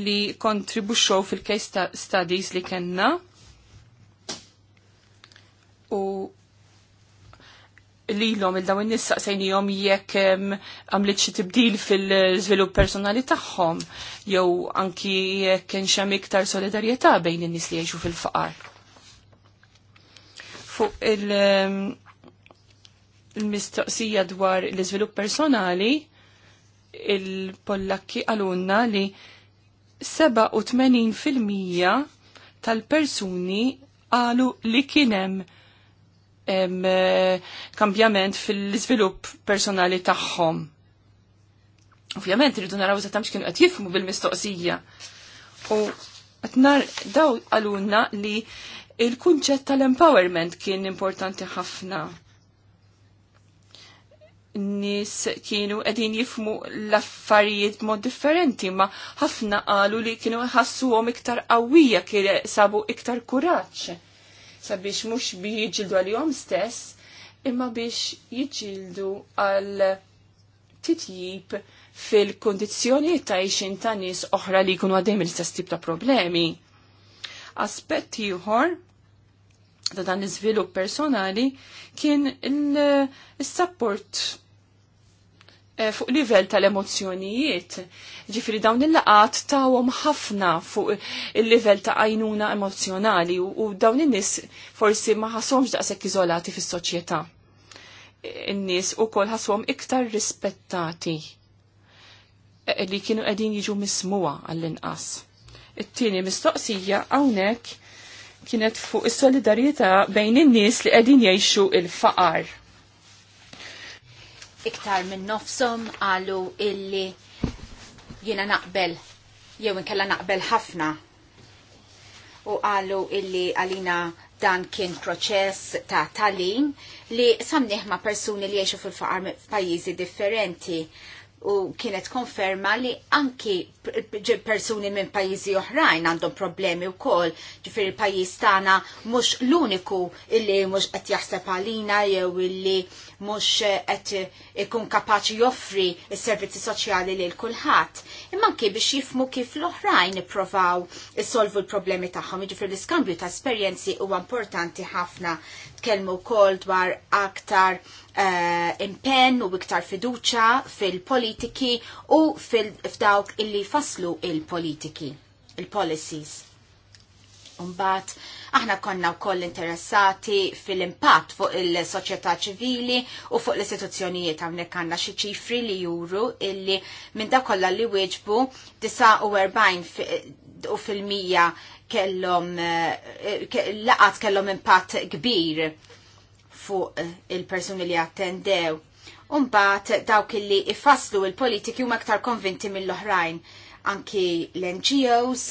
li kontribuxxew fil-case studies li kellna u li l-om il-daw n-nis saqsajnijom jekk għamlit xie tibdil fil-zvilup personali taħħom, jew anki kien xem iktar solidarieta bejn il nis li jiexu fil-faqar. Fuq il-mistoqsija dwar l-zvilup personali, il-Pollakki għalunna li 87% tal-persuni għalu li kienem Eh, kambjament fil-izvilupp personali tagħhom. Ovvjament irridu naraw eżatt tamx kienu qed jifhmu bil-mistoqsija. U qed nar daw għalunna li il-kunċett tal-empowerment kien importanti ħafna. Nis kienu qegħdin jifmu l-affarijiet mod differenti, ma ħafna qalu li kienu ħassuhom iktar qawwija kien sabu iktar kuraġġ sabiex mhux bi jiġildu għal-jom stess, imma biex jiġildu għal titjib fil-kondizjoni ta' ixin ta' nis oħra li jkunu għadem l-istess tip ta' problemi. Aspett ieħor ta' dan l-iżvilupp personali kien il-support Eh, fuq livell tal-emozjonijiet. Ġifiri dawn il-laqat tawom ħafna fuq il-livell ta' għajnuna emozjonali u dawn in-nies forsi ma ħashomx daqshekk iżolati fis-soċjetà. In-nies ukoll ħashom iktar rispettati eh, li kienu qegħdin jiġu mismuwa għall-inqas. It-tieni mistoqsija hawnhekk kienet fuq is-solidarjetà bejn in-nies li qegħdin jgħixu il-faqar iktar minn nofsom għalu illi jiena naqbel, jew inkella naqbel ħafna. U għalu illi għalina dan kien proċess ta' talin li samniħ ma' persuni li jiexu fil-faqar f'pajjiżi differenti u kienet konferma li anki persuni minn pajjiżi oħrajn għandhom problemi u kol ġifir il-pajjiż tagħna mhux l-uniku illi mhux qed jaħseb għalina jew illi mhux qed ikun kapaċi joffri s-servizzi soċjali lil kulħadd. Imma anke biex jifmu kif l-oħrajn ippruvaw issolvu l-problemi tagħhom, jiġifier l-iskambju ta' esperjenzi huwa importanti ħafna tkellmu wkoll dwar aktar uh, impenn u iktar fiduċa fil-politiki u fil-fdawk illi faslu il-politiki, il-policies. Umbat, aħna konna wkoll interessati fil-impatt fuq il-soċjetà ċivili u fuq l-istituzzjonijiet hawnhekk għandna xi ċifri li juru illi minn dak kollha li wieġbu 49 u fil-mija kellhom eh, laqat kellom impat kbir fuq il-persuni li attendew. Umbat dawk illi ifasslu il-politiki huma aktar konvinti mill-oħrajn anki l-NGOs,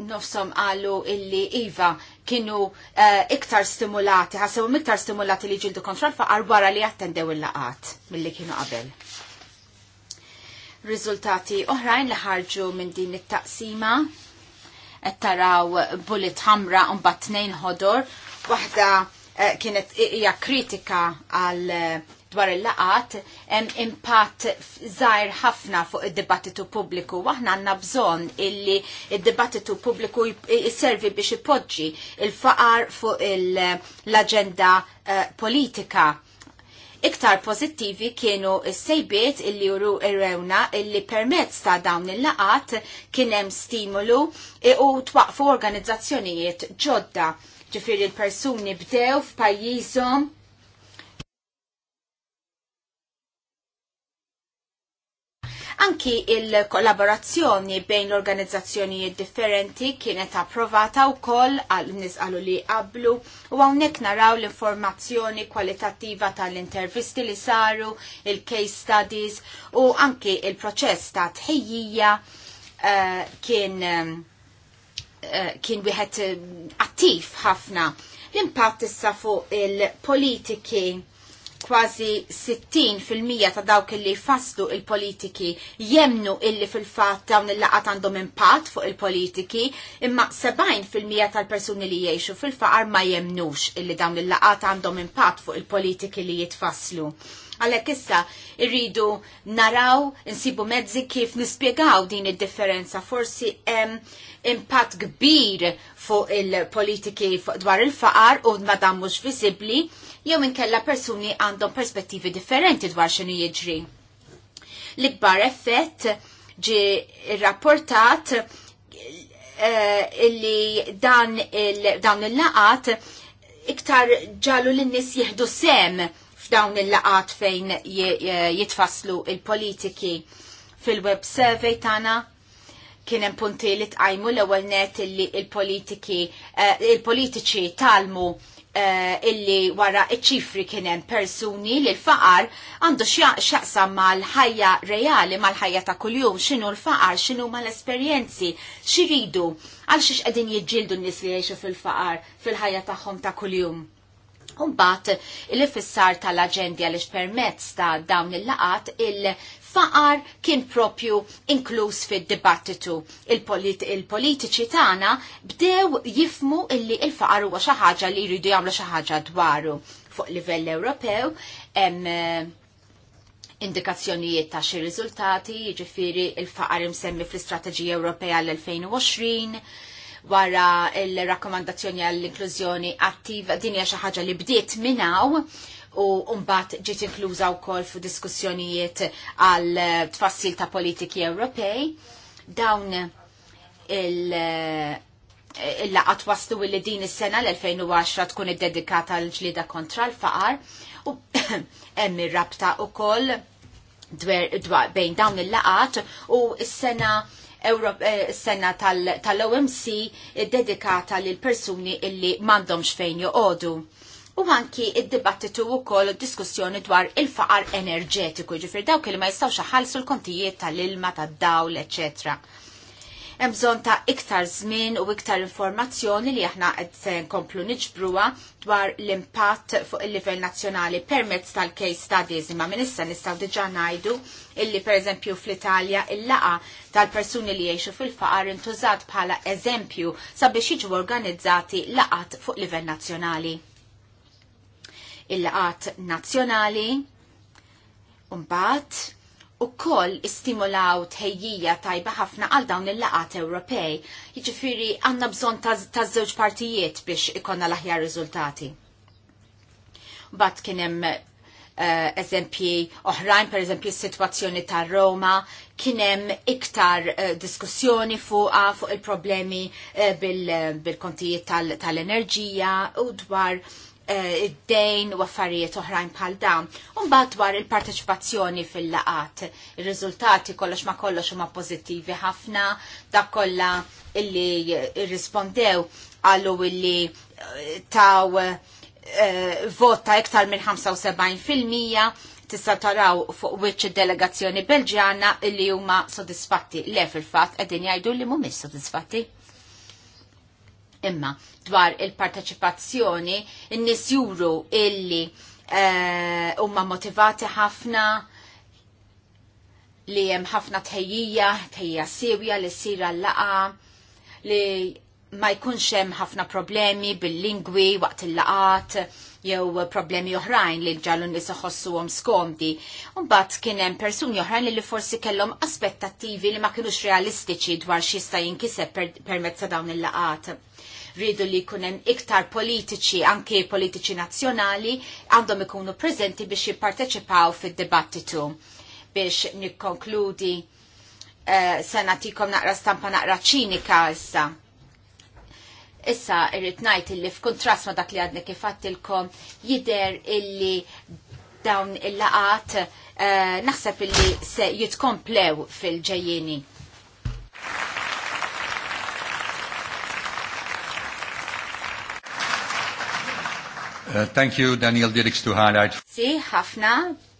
nofsom għallu illi Iva kienu eh, iktar stimulati, għasabu iktar stimulati li ġildu kontrol fa' għarbara wara li attendew il-laqat mill-li kienu qabel. Riżultati oħrajn li ħarġu minn din it-taqsima qed taraw bullet ħamra u mbagħad tnejn ħodor, waħda eh, kienet hija kritika għal eh, dwar il-laqat hemm impatt żgħir ħafna fuq id-dibattitu pubbliku. Waħna għandna bżonn illi id-dibattitu pubbliku jservi biex ipoġġi il-faqar fuq l-aġenda eh, politika. Iktar pozittivi kienu s-sejbiet illi uru irrewna illi permezz ta' dawn il-laqat kienem stimolu u twaqfu organizzazzjonijiet ġodda ġifir l-persuni bdew f'pajjiżhom Anki il-kollaborazzjoni bejn l organizzazzjoni differenti kienet approvata u koll għal nisqalu li qablu u għawnek naraw l-informazzjoni kwalitattiva tal-intervisti li saru, il-case studies u anki il-proċess ta' tħejjija uh, kien eh, kien wieħed attiv ħafna l-impatt issa fuq il-politiki kważi 60% ta' dawk li jfasslu il-politiki jemnu illi fil-fat dawn il-laqat għandhom impatt fuq il-politiki, imma 70% tal-persuni li jiexu fil-faqar ma jemnux illi dawn il-laqat għandhom impatt fuq il-politiki li jitfaslu. Għalek issa irridu naraw, nsibu mezzi kif nispiegaw din id-differenza. Forsi em, impatt kbir fuq il-politiki dwar il-faqar u madam mux visibli jew inkella persuni għandhom perspettivi differenti dwar xinu jiġri. L-ikbar effett ġi rapportat eh, illi dan il-laqat iktar ġalu l-nis jihdu sem f'dawn il-laqat fejn jitfaslu il-politiki fil-web survey tana kien hemm punti li tqajmu l-ewwel net li il-politiki eh, il-politiċi talmu Eh, illi wara iċifri ċifri kienem persuni li l-faqar għandu xaqsam mal-ħajja reali, mal-ħajja ta' kuljum, xinu l-faqar, xinu mal-esperienzi, xiridu, għal xiex għedin jġildu n-nis li jiexu fil-faqar, fil-ħajja taħħom ta' kuljum. Umbat, il-fissar tal aġendja li permezz ta' dawn il-laqat il faqar kien propju inkluż fid-dibattitu. Il-politiċi tagħna bdew jifmu illi il-faqar huwa xi ħaġa li jridu jagħmlu xi ħaġa dwaru fuq livell Ewropew hemm eh, indikazzjonijiet ta' xi riżultati, jiġifieri il-faqar imsemmi fl-Istrateġija Ewropea l-2020, wara l-rakkomandazzjoni għall-inklużjoni attiva, din hija xi ħaġa li bdiet minnaw u mbagħad ġiet inkluża wkoll fu diskussjonijiet għal tfassil ta' politiki Ewropej. Dawn il- il-laqat waslu li din is-sena l-2010 tkun iddedikata l ġlieda kontra l-faqar u hemm ir-rabta wkoll bejn dawn il-laqat u s-sena eh, s-sena tal-OMC dedikata lil persuni illi mandomx fejn joqodu u anki id-dibattitu u koll diskussjoni dwar il-faqar enerġetiku, ġifir dawk li ma jistawx ħalsu l-kontijiet tal-ilma, tad-dawl, etc. Emżon ta' iktar żmien u iktar informazzjoni li aħna qed nkomplu niġbruha dwar l-impatt fuq il-livell nazzjonali permezz tal-case studies imma minissa nistgħu diġà ngħidu illi pereżempju fl-Italja il-laqa tal-persuni li jgħixu fil-faqar intużat bħala eżempju sabiex jiġu organizzati laqat fuq livell nazzjonali il-laqat nazzjonali, Umbat, u koll istimulaw tħejjija tajba ħafna għal dawn il-laqat Ewropej. Jiġifieri għandna bżonn ta' żewġ partijiet biex ikonna l-aħjar riżultati. Bat kien hemm eh, eżempji oħrajn, per eżempji s-sitwazzjoni ta' Roma, kien hemm iktar eh, diskussjoni fuqa fuq il-problemi eh, bil-kontijiet tal-enerġija u dwar Eh, id-dejn u affarijiet oħrajn bħal dawn. Umbagħad dwar il-parteċipazzjoni fil-laqat, ir-riżultati kollox ma kollox huma pożittivi ħafna, dak kollha illi rrispondew għallu illi eh, taw eh, vota iktar minn 75% tista' taraw fuq wiċċ delegazzjoni Belġjana illi huma sodisfatti. Le fil-fatt qegħdin jgħidu li mhumiex sodisfatti. Imma dwar il-parteċipazzjoni, in-nies juru illi eh, huma uh, motivati ħafna li hemm ħafna tħejjija, tħejjija sewja li ssir l-laqa li ma jkunx hemm ħafna problemi bil-lingwi waqt il-laqat jew problemi oħrajn li ġallu nies iħossuhom skomdi. Mbagħad kien hemm persuni oħrajn li forsi kellhom aspettattivi li ma kinux realistiċi dwar x'jista' jinkiseb permezz dawn il-laqat rridu li kunem iktar politiċi, anke politiċi nazzjonali, għandhom ikunu prezenti biex jipparteċipaw fid-dibattitu. Biex nikkonkludi uh, eh, senatikom naqra stampa naqra ċinika issa. Issa irrit najt illi f'kontrast ma dak li għadni kifattilkom jider illi dawn il-laqat uh, naħseb illi se jitkomplew fil-ġejjeni. Uh, thank you, Daniel Dirix to highlight. Si, ħafna,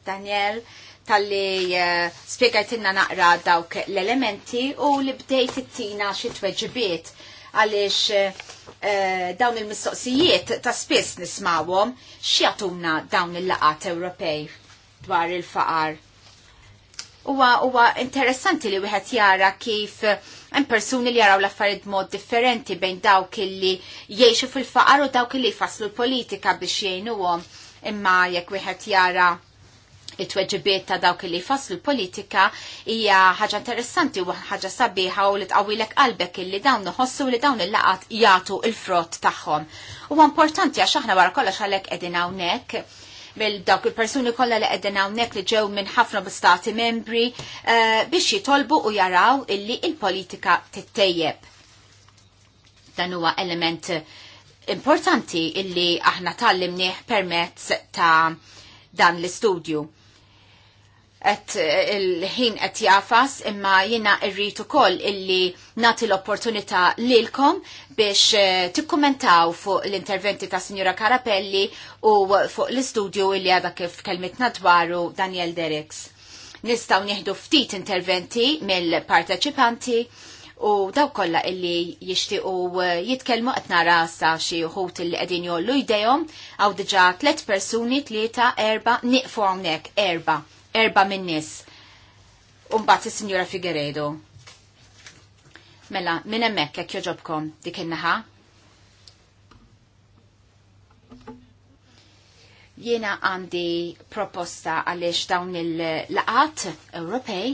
Daniel, tal-li uh, naqra dawk l-elementi u li bdejt it-tina xie tweġibiet għalix uh, dawn il-mistoqsijiet ta' spiss nismawhom x'jagħtuna dawn il-laqat Ewropej dwar il-faqar. Huwa interessanti li wieħed jara kif Hemm persuni li jaraw l-affarijiet mod differenti bejn dawk li jgħixu fil-faqar u dawk li jfasslu l-politika biex jgħinuhom. Imma jekk wieħed jara it-tweġibiet ta' dawk li jfasslu l-politika hija ħaġa interessanti u ħaġa sabiħa u li tqawwilek qalbek illi dawn iħossu li dawn il-laqat jagħtu il-frott tagħhom. Huwa importanti għax aħna wara kollox għalhekk qegħdin hawnhekk mill dawk il-persuni kollha li qegħdin hawnhekk li ġew minn ħafna stati membri eh, biex jitolbu u jaraw illi il-politika tittejjeb. Dan huwa element importanti illi aħna tal-limniħ permezz ta' dan l-istudju et il-ħin et jafas imma jina irrit ukoll illi nati l-opportunità lilkom biex eh, tikkumentaw fuq l-interventi ta' Signora Karapelli u fuq l-istudju illi għada kif kelmitna dwaru Daniel Dereks. Nistaw nieħdu ftit interventi mill-parteċipanti u daw kolla illi jishtiqu eh, jitkelmu qed nara sa xi wħud illi għedin jollu jdejhom għaw diġa' tliet persuni tlieta erba' niqfu hawnhekk erba' erba minnis. Umbat il-Signora Figueredo. Mela, minn emmek jek joġobkom dik innaħa? Jiena għandi proposta għaliex dawn il-laqat Ewropej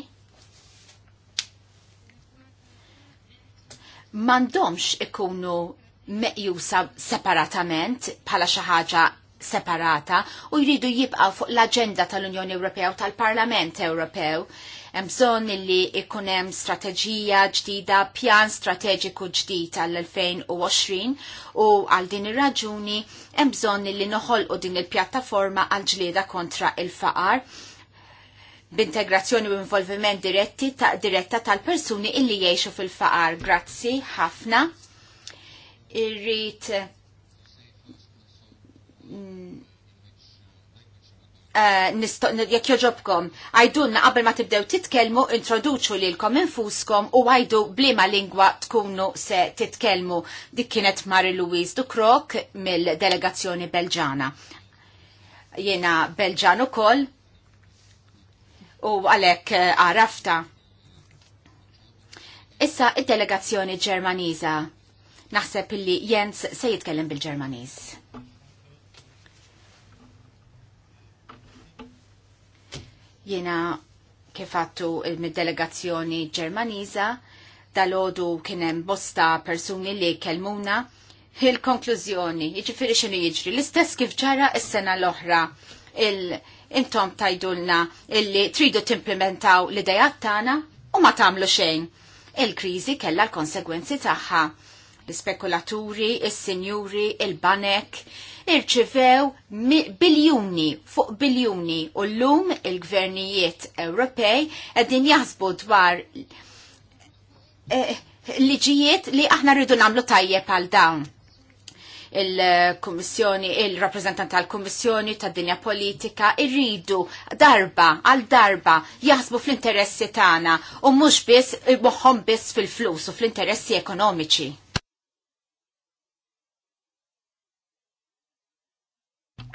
mandomx ikunu meqjusa separatament bħala xi ħaġa separata u jridu jibqaw fuq l-agenda tal-Unjoni Ewropea u tal-Parlament Ewropew. Hemm bżonn ikunem ikun hemm strateġija ġdida, pjan strateġiku ġdid għall-2020 u għal din ir-raġuni hemm bżonn noħol u din il-pjattaforma għal ġlieda kontra il-faqar b'integrazzjoni u involviment diretti ta' diretta tal-persuni illi jgħixu fil-faqar. Grazzi ħafna. Irrid Eh, jekk joġobkom, għajdunna qabel ma tibdew titkelmu, introduċu lilkom infuskom u għajdu blima lingwa tkunu se titkelmu. Dik kienet Mari Louise Dukrok mill-delegazzjoni Belġana. Jena Belġan ukoll u għalek eh, għarafta. Issa id-delegazzjoni Ġermaniża. Naħseb illi Jens se jitkellem bil-Ġermaniż. Jena kifattu mid-delegazzjoni ġermaniza, dal-ħodu kienem bosta persuni li kelmuna, il-konklużjoni, iġifiri xinu jiġri, l-istess kif ġara s-sena l-oħra, il-intom tajdulna illi tridu timplementaw l-idejat tana u ma tamlu xejn. Il-krizi kella l-konsegwenzi taħħa. L-spekulaturi, il-sinjuri, il-banek, il irċivew biljuni fuq biljuni u l-lum il-gvernijiet Ewropej għedin jaħsbu dwar eh, liġijiet li aħna rridu namlu tajjeb għal dawn il-Kommissjoni, il-rappresentant tal-Kommissjoni tad dinja politika irridu darba għal darba jaħsbu fl-interessi tagħna u mhux biss moħħhom biss fil-flus u fl-interessi ekonomiċi.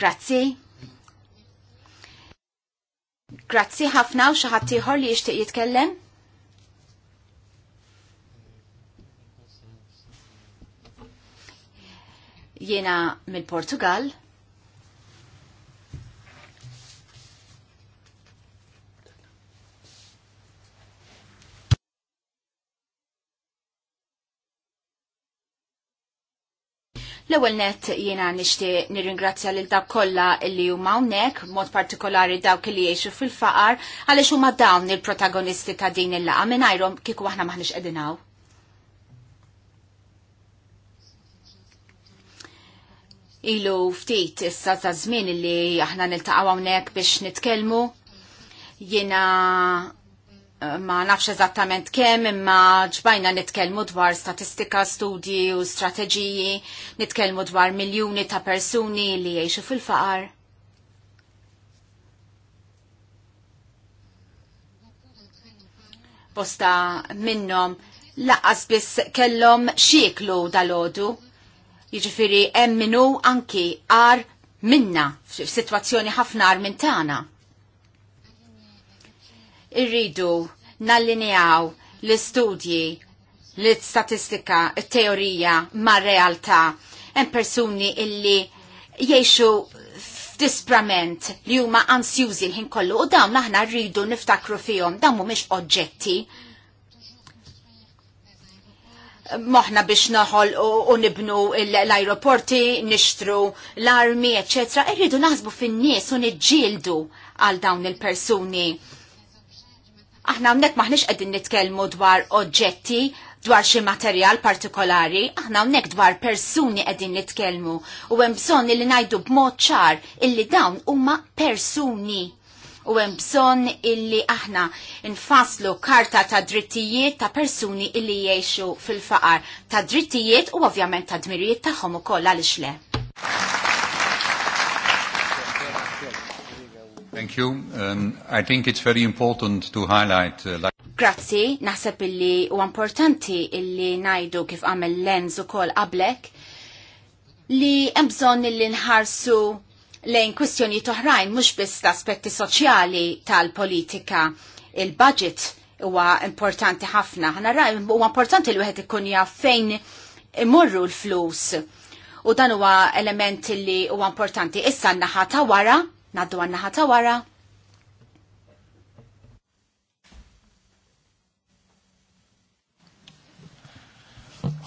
Grazzi. Grazzi ħafna u xaħatiħor ieħor li jixtieq jitkellem. Jiena mill-Portugal. L-ewwel net jiena nixtieq nirringrazzja lil dak kollha li huma hawnhekk, mod partikolari dawk li jgħixu fil-faqar, għaliex huma dawn il-protagonisti ta' din il-laqa mingħajrhom kieku aħna maħniex qegħdin hawn. Ilu ftit issa ta' żmien li aħna niltaqgħu hawnhekk biex nitkellmu jiena ma nafx eżattament kemm imma ġbajna nitkellmu dwar statistika, studji u strateġiji, nitkellmu dwar miljuni ta' persuni li jgħixu fil-faqar. Bosta minnom laqqas biss kellhom xieklu dal-ħodu. Jiġifieri hemm anki ar minna f'sitwazzjoni ħafna għar minn tagħna irridu nallinjaw l-istudji, l-statistika, teorija ma' realtà. Hemm persuni illi jiexu disprament li huma ansjużi l-ħin kollu u dawn aħna rridu niftakru fihom dawn mhumiex oġġetti. Moħna biex noħol u nibnu l-aeroporti, nixtru l-armi, eccetera, irridu naħsbu fin-nies u niġġieldu għal dawn il-persuni Aħna hawnhekk maħniex qegħdin nitkellmu dwar oġġetti dwar xi materjal partikolari, aħna hawnhekk dwar persuni qegħdin nitkellmu u hemm bżonn li ngħidu b'mod ċar illi dawn huma persuni u hemm bżonn illi aħna nfasslu karta ta' drittijiet ta' persuni illi jgħixu fil-faqar ta' drittijiet u ovvjament ta' dmirijiet tagħhom ukoll għaliex le. Thank you. Um, I think it's very important to highlight... Uh, like... Grazzi, naħseb illi u importanti illi najdu kif għamil lenz u kol qablek li jemżon illi nħarsu lejn kwistjoni toħrajn mux biss l-aspetti soċjali tal-politika. Il-budget huwa importanti ħafna. Ħana raj, huwa importanti li wieħed ikun jaf fejn imorru l-flus. U dan huwa element li huwa importanti. Issa n wara Naddu għanna ħata wara.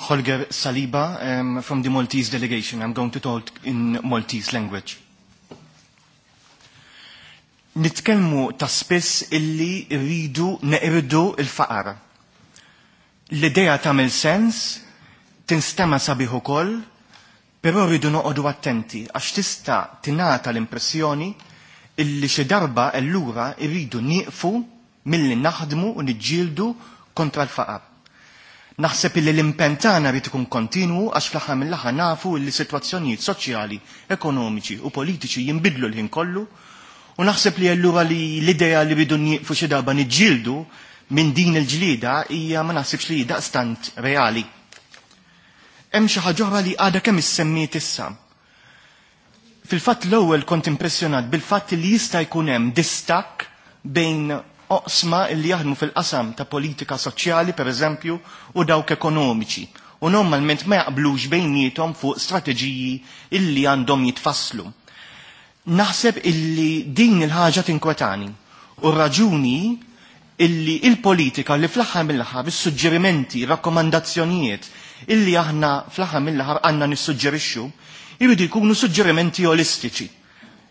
Holger Saliba um, from the Maltese delegation. I'm going to talk in Maltese language. Nitkelmu ta' spess illi rridu neqridu il-faqar. L-ideja tamil sens, tinstema sabiħu koll, Però rridu noqogħdu attenti għax tista' tingħata l-impressjoni illi xi darba allura rridu nieqfu milli naħdmu u niġġieldu kontra l-faqar. Naħseb illi l-impentana rrid ikun kontinwu għax fl-aħħar mill-aħħar nafu li sitwazzjonijiet soċjali, ekonomiċi u politiċi jinbidlu l-ħin kollu u naħseb li allura li l-idea li rridu nieqfu xi darba niġġieldu minn din il-ġlida hija ma naħsibx li daqstant reali hemm xi ħaġa li għadha kemm issemmiet issa. Fil-fatt l-ewwel kont impressjonat bil-fatt li jista' jkun hemm distakk bejn oqsma li jaħdmu fil-qasam ta' politika soċjali, per eżempju, u dawk ekonomiċi. U normalment ma jaqblux bejnietom fuq strateġiji illi għandhom jitfasslu. Naħseb illi din il-ħaġa tinkwetani. U raġuni illi il-politika li fl-aħħar ħab il-sugġerimenti, suġġerimenti rakkomandazzjonijiet illi aħna fl-aħħar mill ħar għandna nissuġġerixxu jridu jkunu suġġerimenti olistiċi.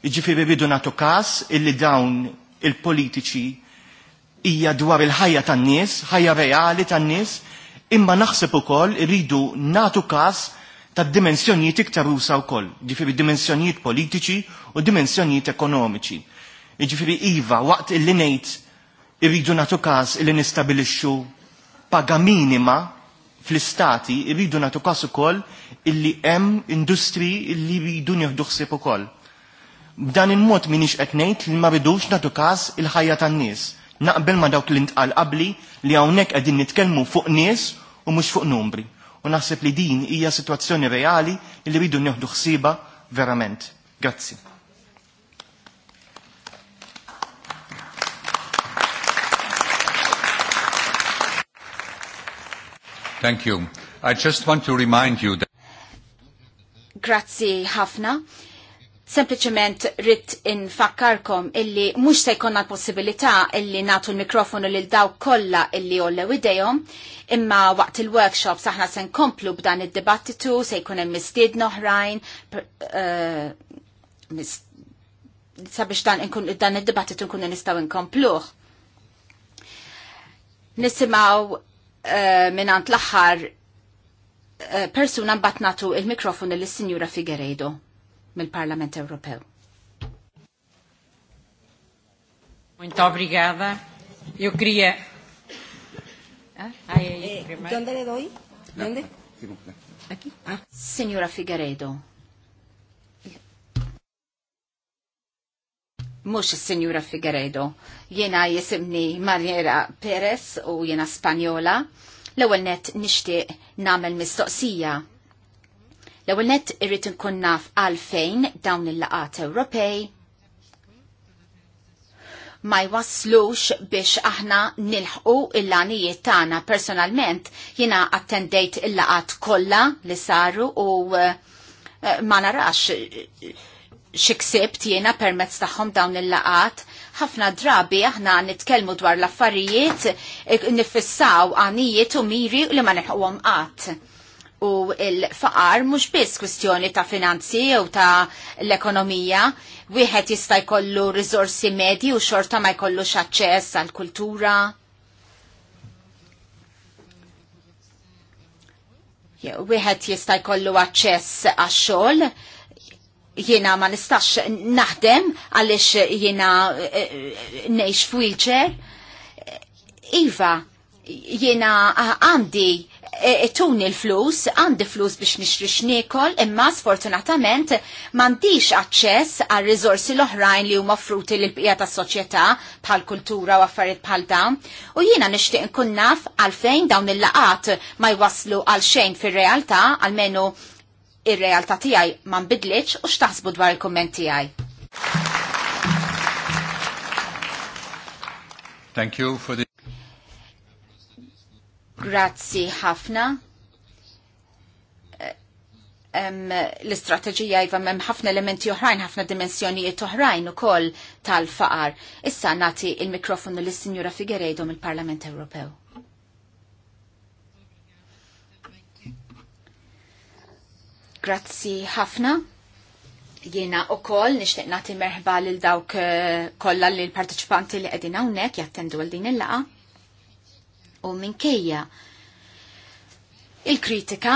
Jiġifieri bidu nagħtu każ illi dawn il-politiċi hija dwar il-ħajja tan-nies, ħajja reali tan-nies, imma naħseb ukoll iridu nagħtu każ ta' dimensjonijiet iktar usa wkoll, ġifieri dimensjonijiet politiċi u dimensjonijiet ekonomiċi. Ġifieri iva waqt illi ngħid irridu nagħtu każ illi nistabilixxu paga minima fl-istati irridu natu kas ukoll illi hemm industri illi jridu nieħdu ħsieb ukoll. B'dan il-mod minix qed ngħid li ma ridux natu kas il-ħajja tan-nies. Naqbel ma dawk l-intqal qabli li hawnhekk qegħdin nitkellmu fuq nies u mhux fuq numri. U naħseb li din hija sitwazzjoni reali li rridu nieħdu ħsiba verament. Grazzi. Thank you. I just want to remind you that... Grazzi ħafna. Sempliciment rrit infakkarkom illi mux se jkonna l-possibilità illi natu l-mikrofonu lil daw kolla illi jolle idejhom, imma waqt il-workshop saħna se nkomplu b'dan id-dibattitu se jkun hemm mistied noħrajn eh, sabiex dan inkun dan id-dibattitu nkunu nistgħu nkompluh. Nisimgħu uh, eh, minant l-axħar eh, persuna batnatu il-mikrofon l signora Figueredo mill-Parlament Ewropew. Muito obrigada. Eu queria... Ah, aí, aí, aí. onde eh, le doy? No. Onde? Aqui. Ah. Senhora Figueiredo. mux il-Senjura Figueredo. Jena jisimni Mariera Perez u jena Spanjola. L-ewel net nishti namel mistoqsija. L-ewel net irrit nkun naf għalfejn dawn il-laqat Ewropej ma jwasslux biex aħna nilħqu il-lanijiet tagħna personalment jiena attendejt il-laqat kollha li saru u eh, ma narax xiksibt jiena permezz tagħhom dawn il-laqat, ħafna drabi aħna nitkellmu dwar l-affarijiet e, nifissaw għanijiet u miri li ma neħuhom qatt. U l-faqar mhux biss kwistjoni ta' finanzi u ta' l-ekonomija, wieħed jista' jkollu rizorsi medji u xorta ma jkollux aċċess għall kultura Wieħed jista' jkollu aċċess għax-xogħol, jiena ma nistax naħdem għalix jiena eh, eh, neħx f'wheelchair. Iva, jiena għandi eh, tun il flus għandi flus biex nixrix nikol, imma sfortunatament mandiċ aċċess għal rizorsi l-oħrajn li huma fruti l-bqija ta' soċjetà bħal kultura u affarijiet bħal dawn, u jiena nixtieq nkun naf għalfejn dawn il-laqat ma jwaslu għal xejn fir-realtà, għalmenu ir-realtà tiegħi ma nbidlitx u x'taħsbu dwar il-kumment tiegħi. Thank you for the Grazzi ħafna. Eh, l-istrateġija jiva mem ħafna elementi oħrajn, ħafna dimensjonijiet oħrajn ukoll tal-faqar. Issa nati il-mikrofonu l-Sinjura Figueredo mill-Parlament Ewropew. Grazzi ħafna. Jiena u koll nishtiq nati merħba lil dawk eh, kollha lil partiċipanti li qegħdin hawnhekk jattendu għal din il-laqa. U minkejja il-kritika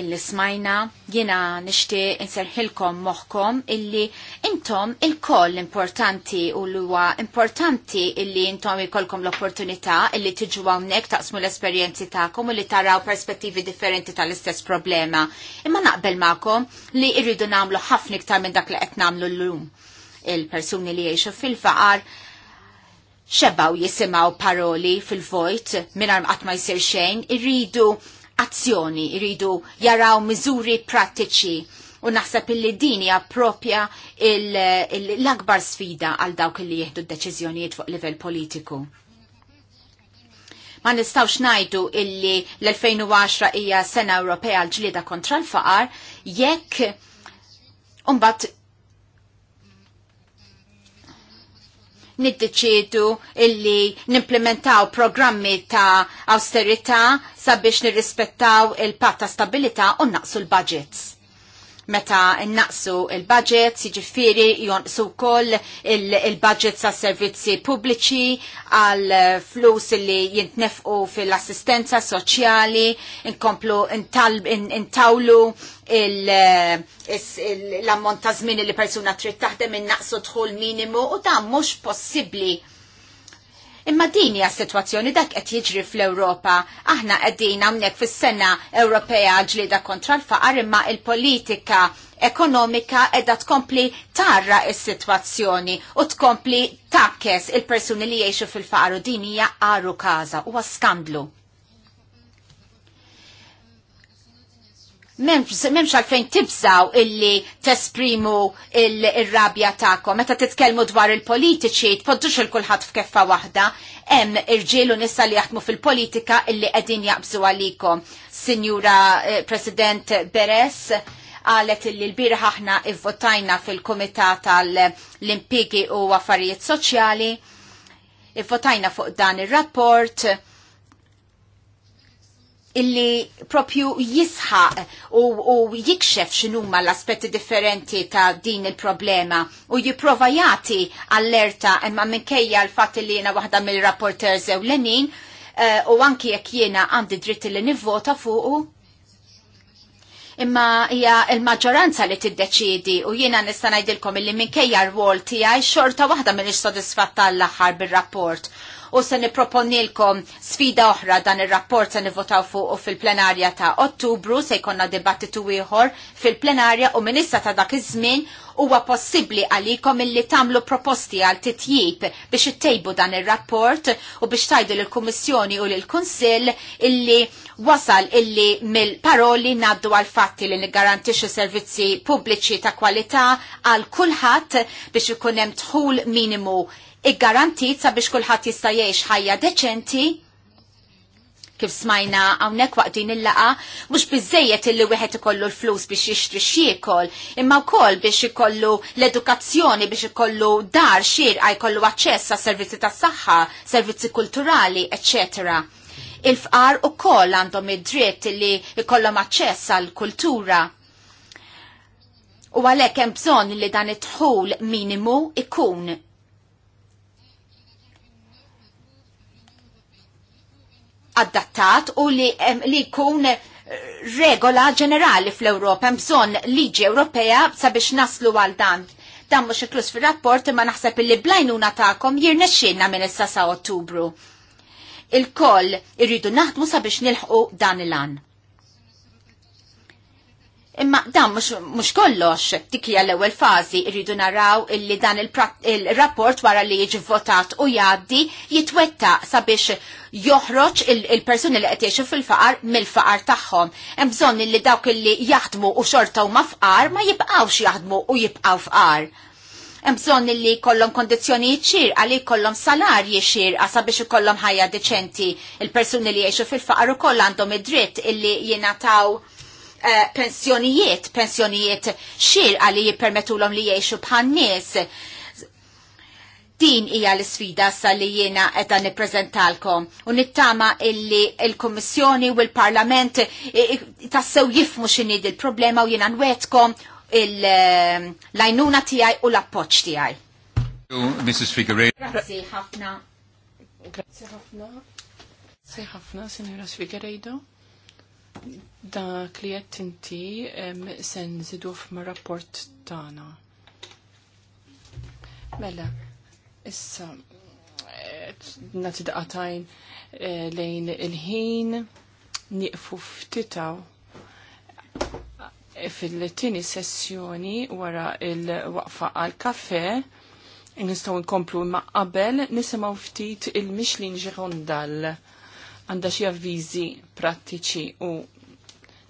illi smajna jina nishti inserħilkom moħkom illi intom il-koll importanti u l-huwa importanti illi intom ikolkom l-opportunità illi tiġu għawnek taqsmu l-esperienzi ta'kom u li taraw perspettivi differenti tal-istess problema. Imma naqbel ma'kom li irridu namlu ħafna ta' minn dak li qed namlu l-lum. Il-persuni li jiexu fil-faqar xebaw jisimaw paroli fil-vojt minn qatt ma jsir xejn, irridu azzjoni, iridu jaraw miżuri prattiċi u naħseb illi din hija propja l-akbar sfida għal dawk li jieħdu d-deċiżjonijiet fuq livell politiku. Ma nistawx najdu illi l-2010 hija sena Ewropea l-ġlieda kontra l-faqar jekk Umbat niddeċidu illi nimplementaw programmi ta' austerita sabiex nirrispettaw il-patta stabilita u naqsu l-budgets meta naqsu il-budget, jiġifieri jonqsu wkoll il-budget sa' servizzi pubbliċi għal flus li jintnefqu fil-assistenza soċjali, inkomplu intawlu l-ammont ta' żmien li persuna trid taħdem in-naqsu dħul minimu u dan mhux possibbli Imma din hija situazzjoni dak qed jiġri fl-Ewropa. Aħna qegħdin hawnhekk fis-sena Ewropea ġlieda kontra l-faqar imma il-politika ekonomika edha tkompli tarra is-sitwazzjoni u tkompli takkes il-persuni li jgħixu fil-faqar u din hija għaru każa huwa skandlu. memx għalfejn tibżaw illi tesprimu il-rabja ta'kom. Meta titkelmu dwar il-politiċi, tpoddux il-kulħat f'keffa wahda, hemm irġilu nissa li jaħdmu fil-politika illi qegħdin jaqbżu għalikom. Sinjura eh, President Beres, għalet illi l-birħ aħna votajna fil-Komitat tal limpigi u Affarijiet Soċjali, votajna fuq dan il-rapport, illi propju jisħaq u, u jikxef x'inhuma l-aspetti differenti ta' din il-problema u jipprova jagħti allerta imma minkejja l-fatt li jiena waħda mill-rapporters ewlenin lenin eh, u anki jekk jiena għandi dritt li nivvota fuqu imma hija l-maġġoranza li tiddeċiedi u jiena nista' ngħidilkom illi minkejja r-wol tiegħi xorta waħda m'iniex sodisfatta l-aħħar bir-rapport u se niproponilkom sfida oħra dan ir-rapport se nivvotaw fuq u fil-plenarja ta' Ottubru se jkollna dibattitu ieħor fil-plenarja u minissa ta' dak iż-żmien huwa possibbli għalikom illi tagħmlu proposti għal titjib biex ittejbu dan ir-rapport u biex tajdu lill-Kummissjoni u lill-Kunsill illi wasal illi mill-paroli naddu għal fatti li niggarantixxu servizzi pubbliċi ta' kwalità għal kulħadd biex ikun hemm dħul minimu iggarantit sabiex kulħadd jista' jgħix ħajja deċenti kif smajna hawnhekk waqt din il-laqa mhux biżejjed illi wieħed ikollu l-flus biex jixtri x'iekol, imma wkoll biex ikollu l-edukazzjoni biex ikollu dar xierqa jkollu aċċess għas servizzi tas-saħħa, servizzi kulturali, etc. Il-fqar ukoll għandhom id-dritt li jkollhom aċċess għall kultura U għalhekk hemm bżonn li dan it-tħul minimu ikun adattat u li, li kun eh, regola ġenerali fl-Europa, bżon liġi Ewropea sabiex naslu għal dan. Dan mux iklus fil-rapport imma naħseb li blajnuna ta'kom jirnexxinna minn issa sa' Ottubru. Il-koll irridu naħdmu sabiex nilħu dan il-an. Imma dan mhux kollox, dik hija l-ewwel fażi rridu naraw illi dan il-rapport wara li jiġi votat u jgħaddi jitwetta sabiex joħroġ il-persuni li qed jgħixu fil-faqar mill-faqar tagħhom. Hemm bżonn illi dawk illi jaħdmu u xorta huma fqar ma jibqgħux jaħdmu u jibqgħu fqar bżonn illi kollom kondizjoni ċir, għalli kollom salarji ċir, għasa biex ikollom ħajja deċenti. Il-persuni li jiexu fil-faqar u koll għandhom id-dritt illi jenataw Eh, pensjonijiet, pensjonijiet xirqa li jippermetulhom li jgħixu bħan nies. Din hija l-sfida sa li jiena qed niprezentalkom. u nittama illi l-Kummissjoni u l-Parlament tassew jifmu xinid il-problema u jiena nwetkom l lajnuna tiegħi u l-appoġġ tiegħi. Mrs. Grazie ħafna. Grazie ħafna. Grazie ħafna, signora Figueiredo dak li inti se nżidu f'ma rapport tagħna. Mela, issa eh, nagħti daqatajn eh, lejn il-ħin niqfu ftitaw eh, fil-tini sessjoni wara il-waqfa għal kafè nistgħu nkomplu ma' qabel nisimgħu ftit il-Mixlin Girondal għandha xi avviżi prattiċi u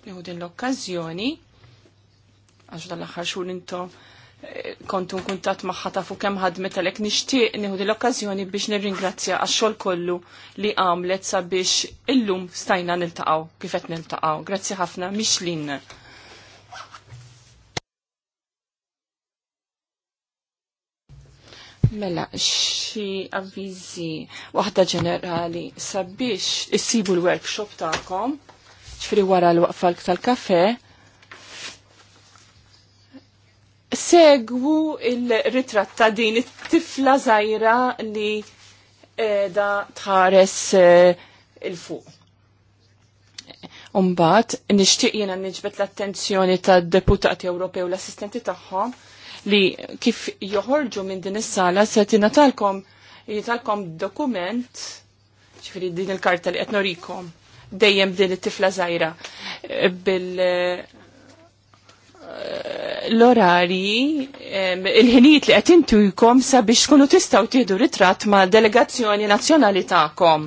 nieħu din l-okkażjoni għax dan l-aħħar xhur intom eh, kontu kuntat maħħa tafu kemm ħadmet għalhekk nixtieq nieħu din l-okkażjoni biex nirringrazzja għax-xogħol kollu li għamlet sabiex illum stajna niltaqgħu kif qed niltaqgħu. Grazzi ħafna mixlin. Mela, xi avvizi waħda ġenerali sabiex issibu l-workshop tagħkom ċfri wara l-waqfa tal kaffe segwu il ritrat ta' din it-tifla zaħira li eh, da tħares eh, il-fuq. Umbat, nishtiq jena nġbet l-attenzjoni ta' deputati Ewropew l-assistenti tagħhom li kif joħorġu minn din is-sala se tinatalkom jitalkom dokument ċifri din il-karta li qed norikom dejjem din it-tifla żgħira bil eh, l-orari, il-ħinijiet li qed intujkom sabiex tkunu tistgħu tieħdu ritratt ma' delegazzjoni nazzjonali tagħkom.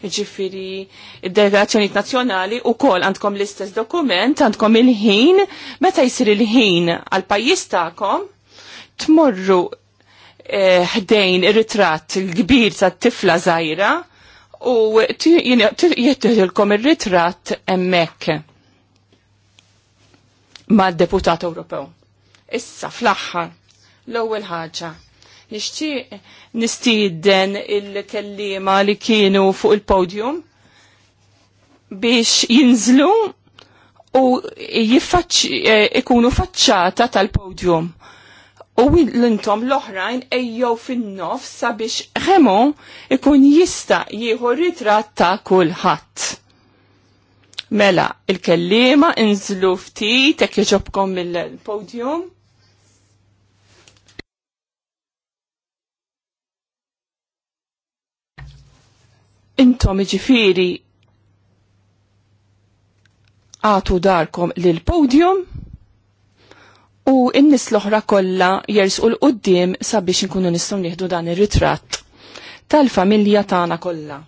Ġifiri, delegazzjoni nazzjonali u kol għandkom l-istess dokument, għandkom il-ħin, meta jisir il-ħin għal pajjiż tagħkom, tmorru eh, ħdejn eh, ir-ritratt il-kbir tat-tifla żgħira, u jittilkom il-ritrat emmek ma' deputat Ewropew. Issa, fl-axħar, l-ewwel ħaġa, nixtieq nistieden il-kellima li kienu fuq il-podium biex jinżlu u jiffaċ eh, ikunu faċċata tal-podium u l-intom l-oħrajn ejjew fin-nofs sabiex Remon ikun jista jieħu ritratt ta' kulħadd. Mela, il-kellima inżlu ftit jekk jiġobkom mill-podium. Intom ġifiri għatu darkom lil-podium u n-nis l-oħra kollha jersu l qoddim sabiex inkunu nistgħu nieħdu dan ir-ritratt tal-familja tagħna kollha.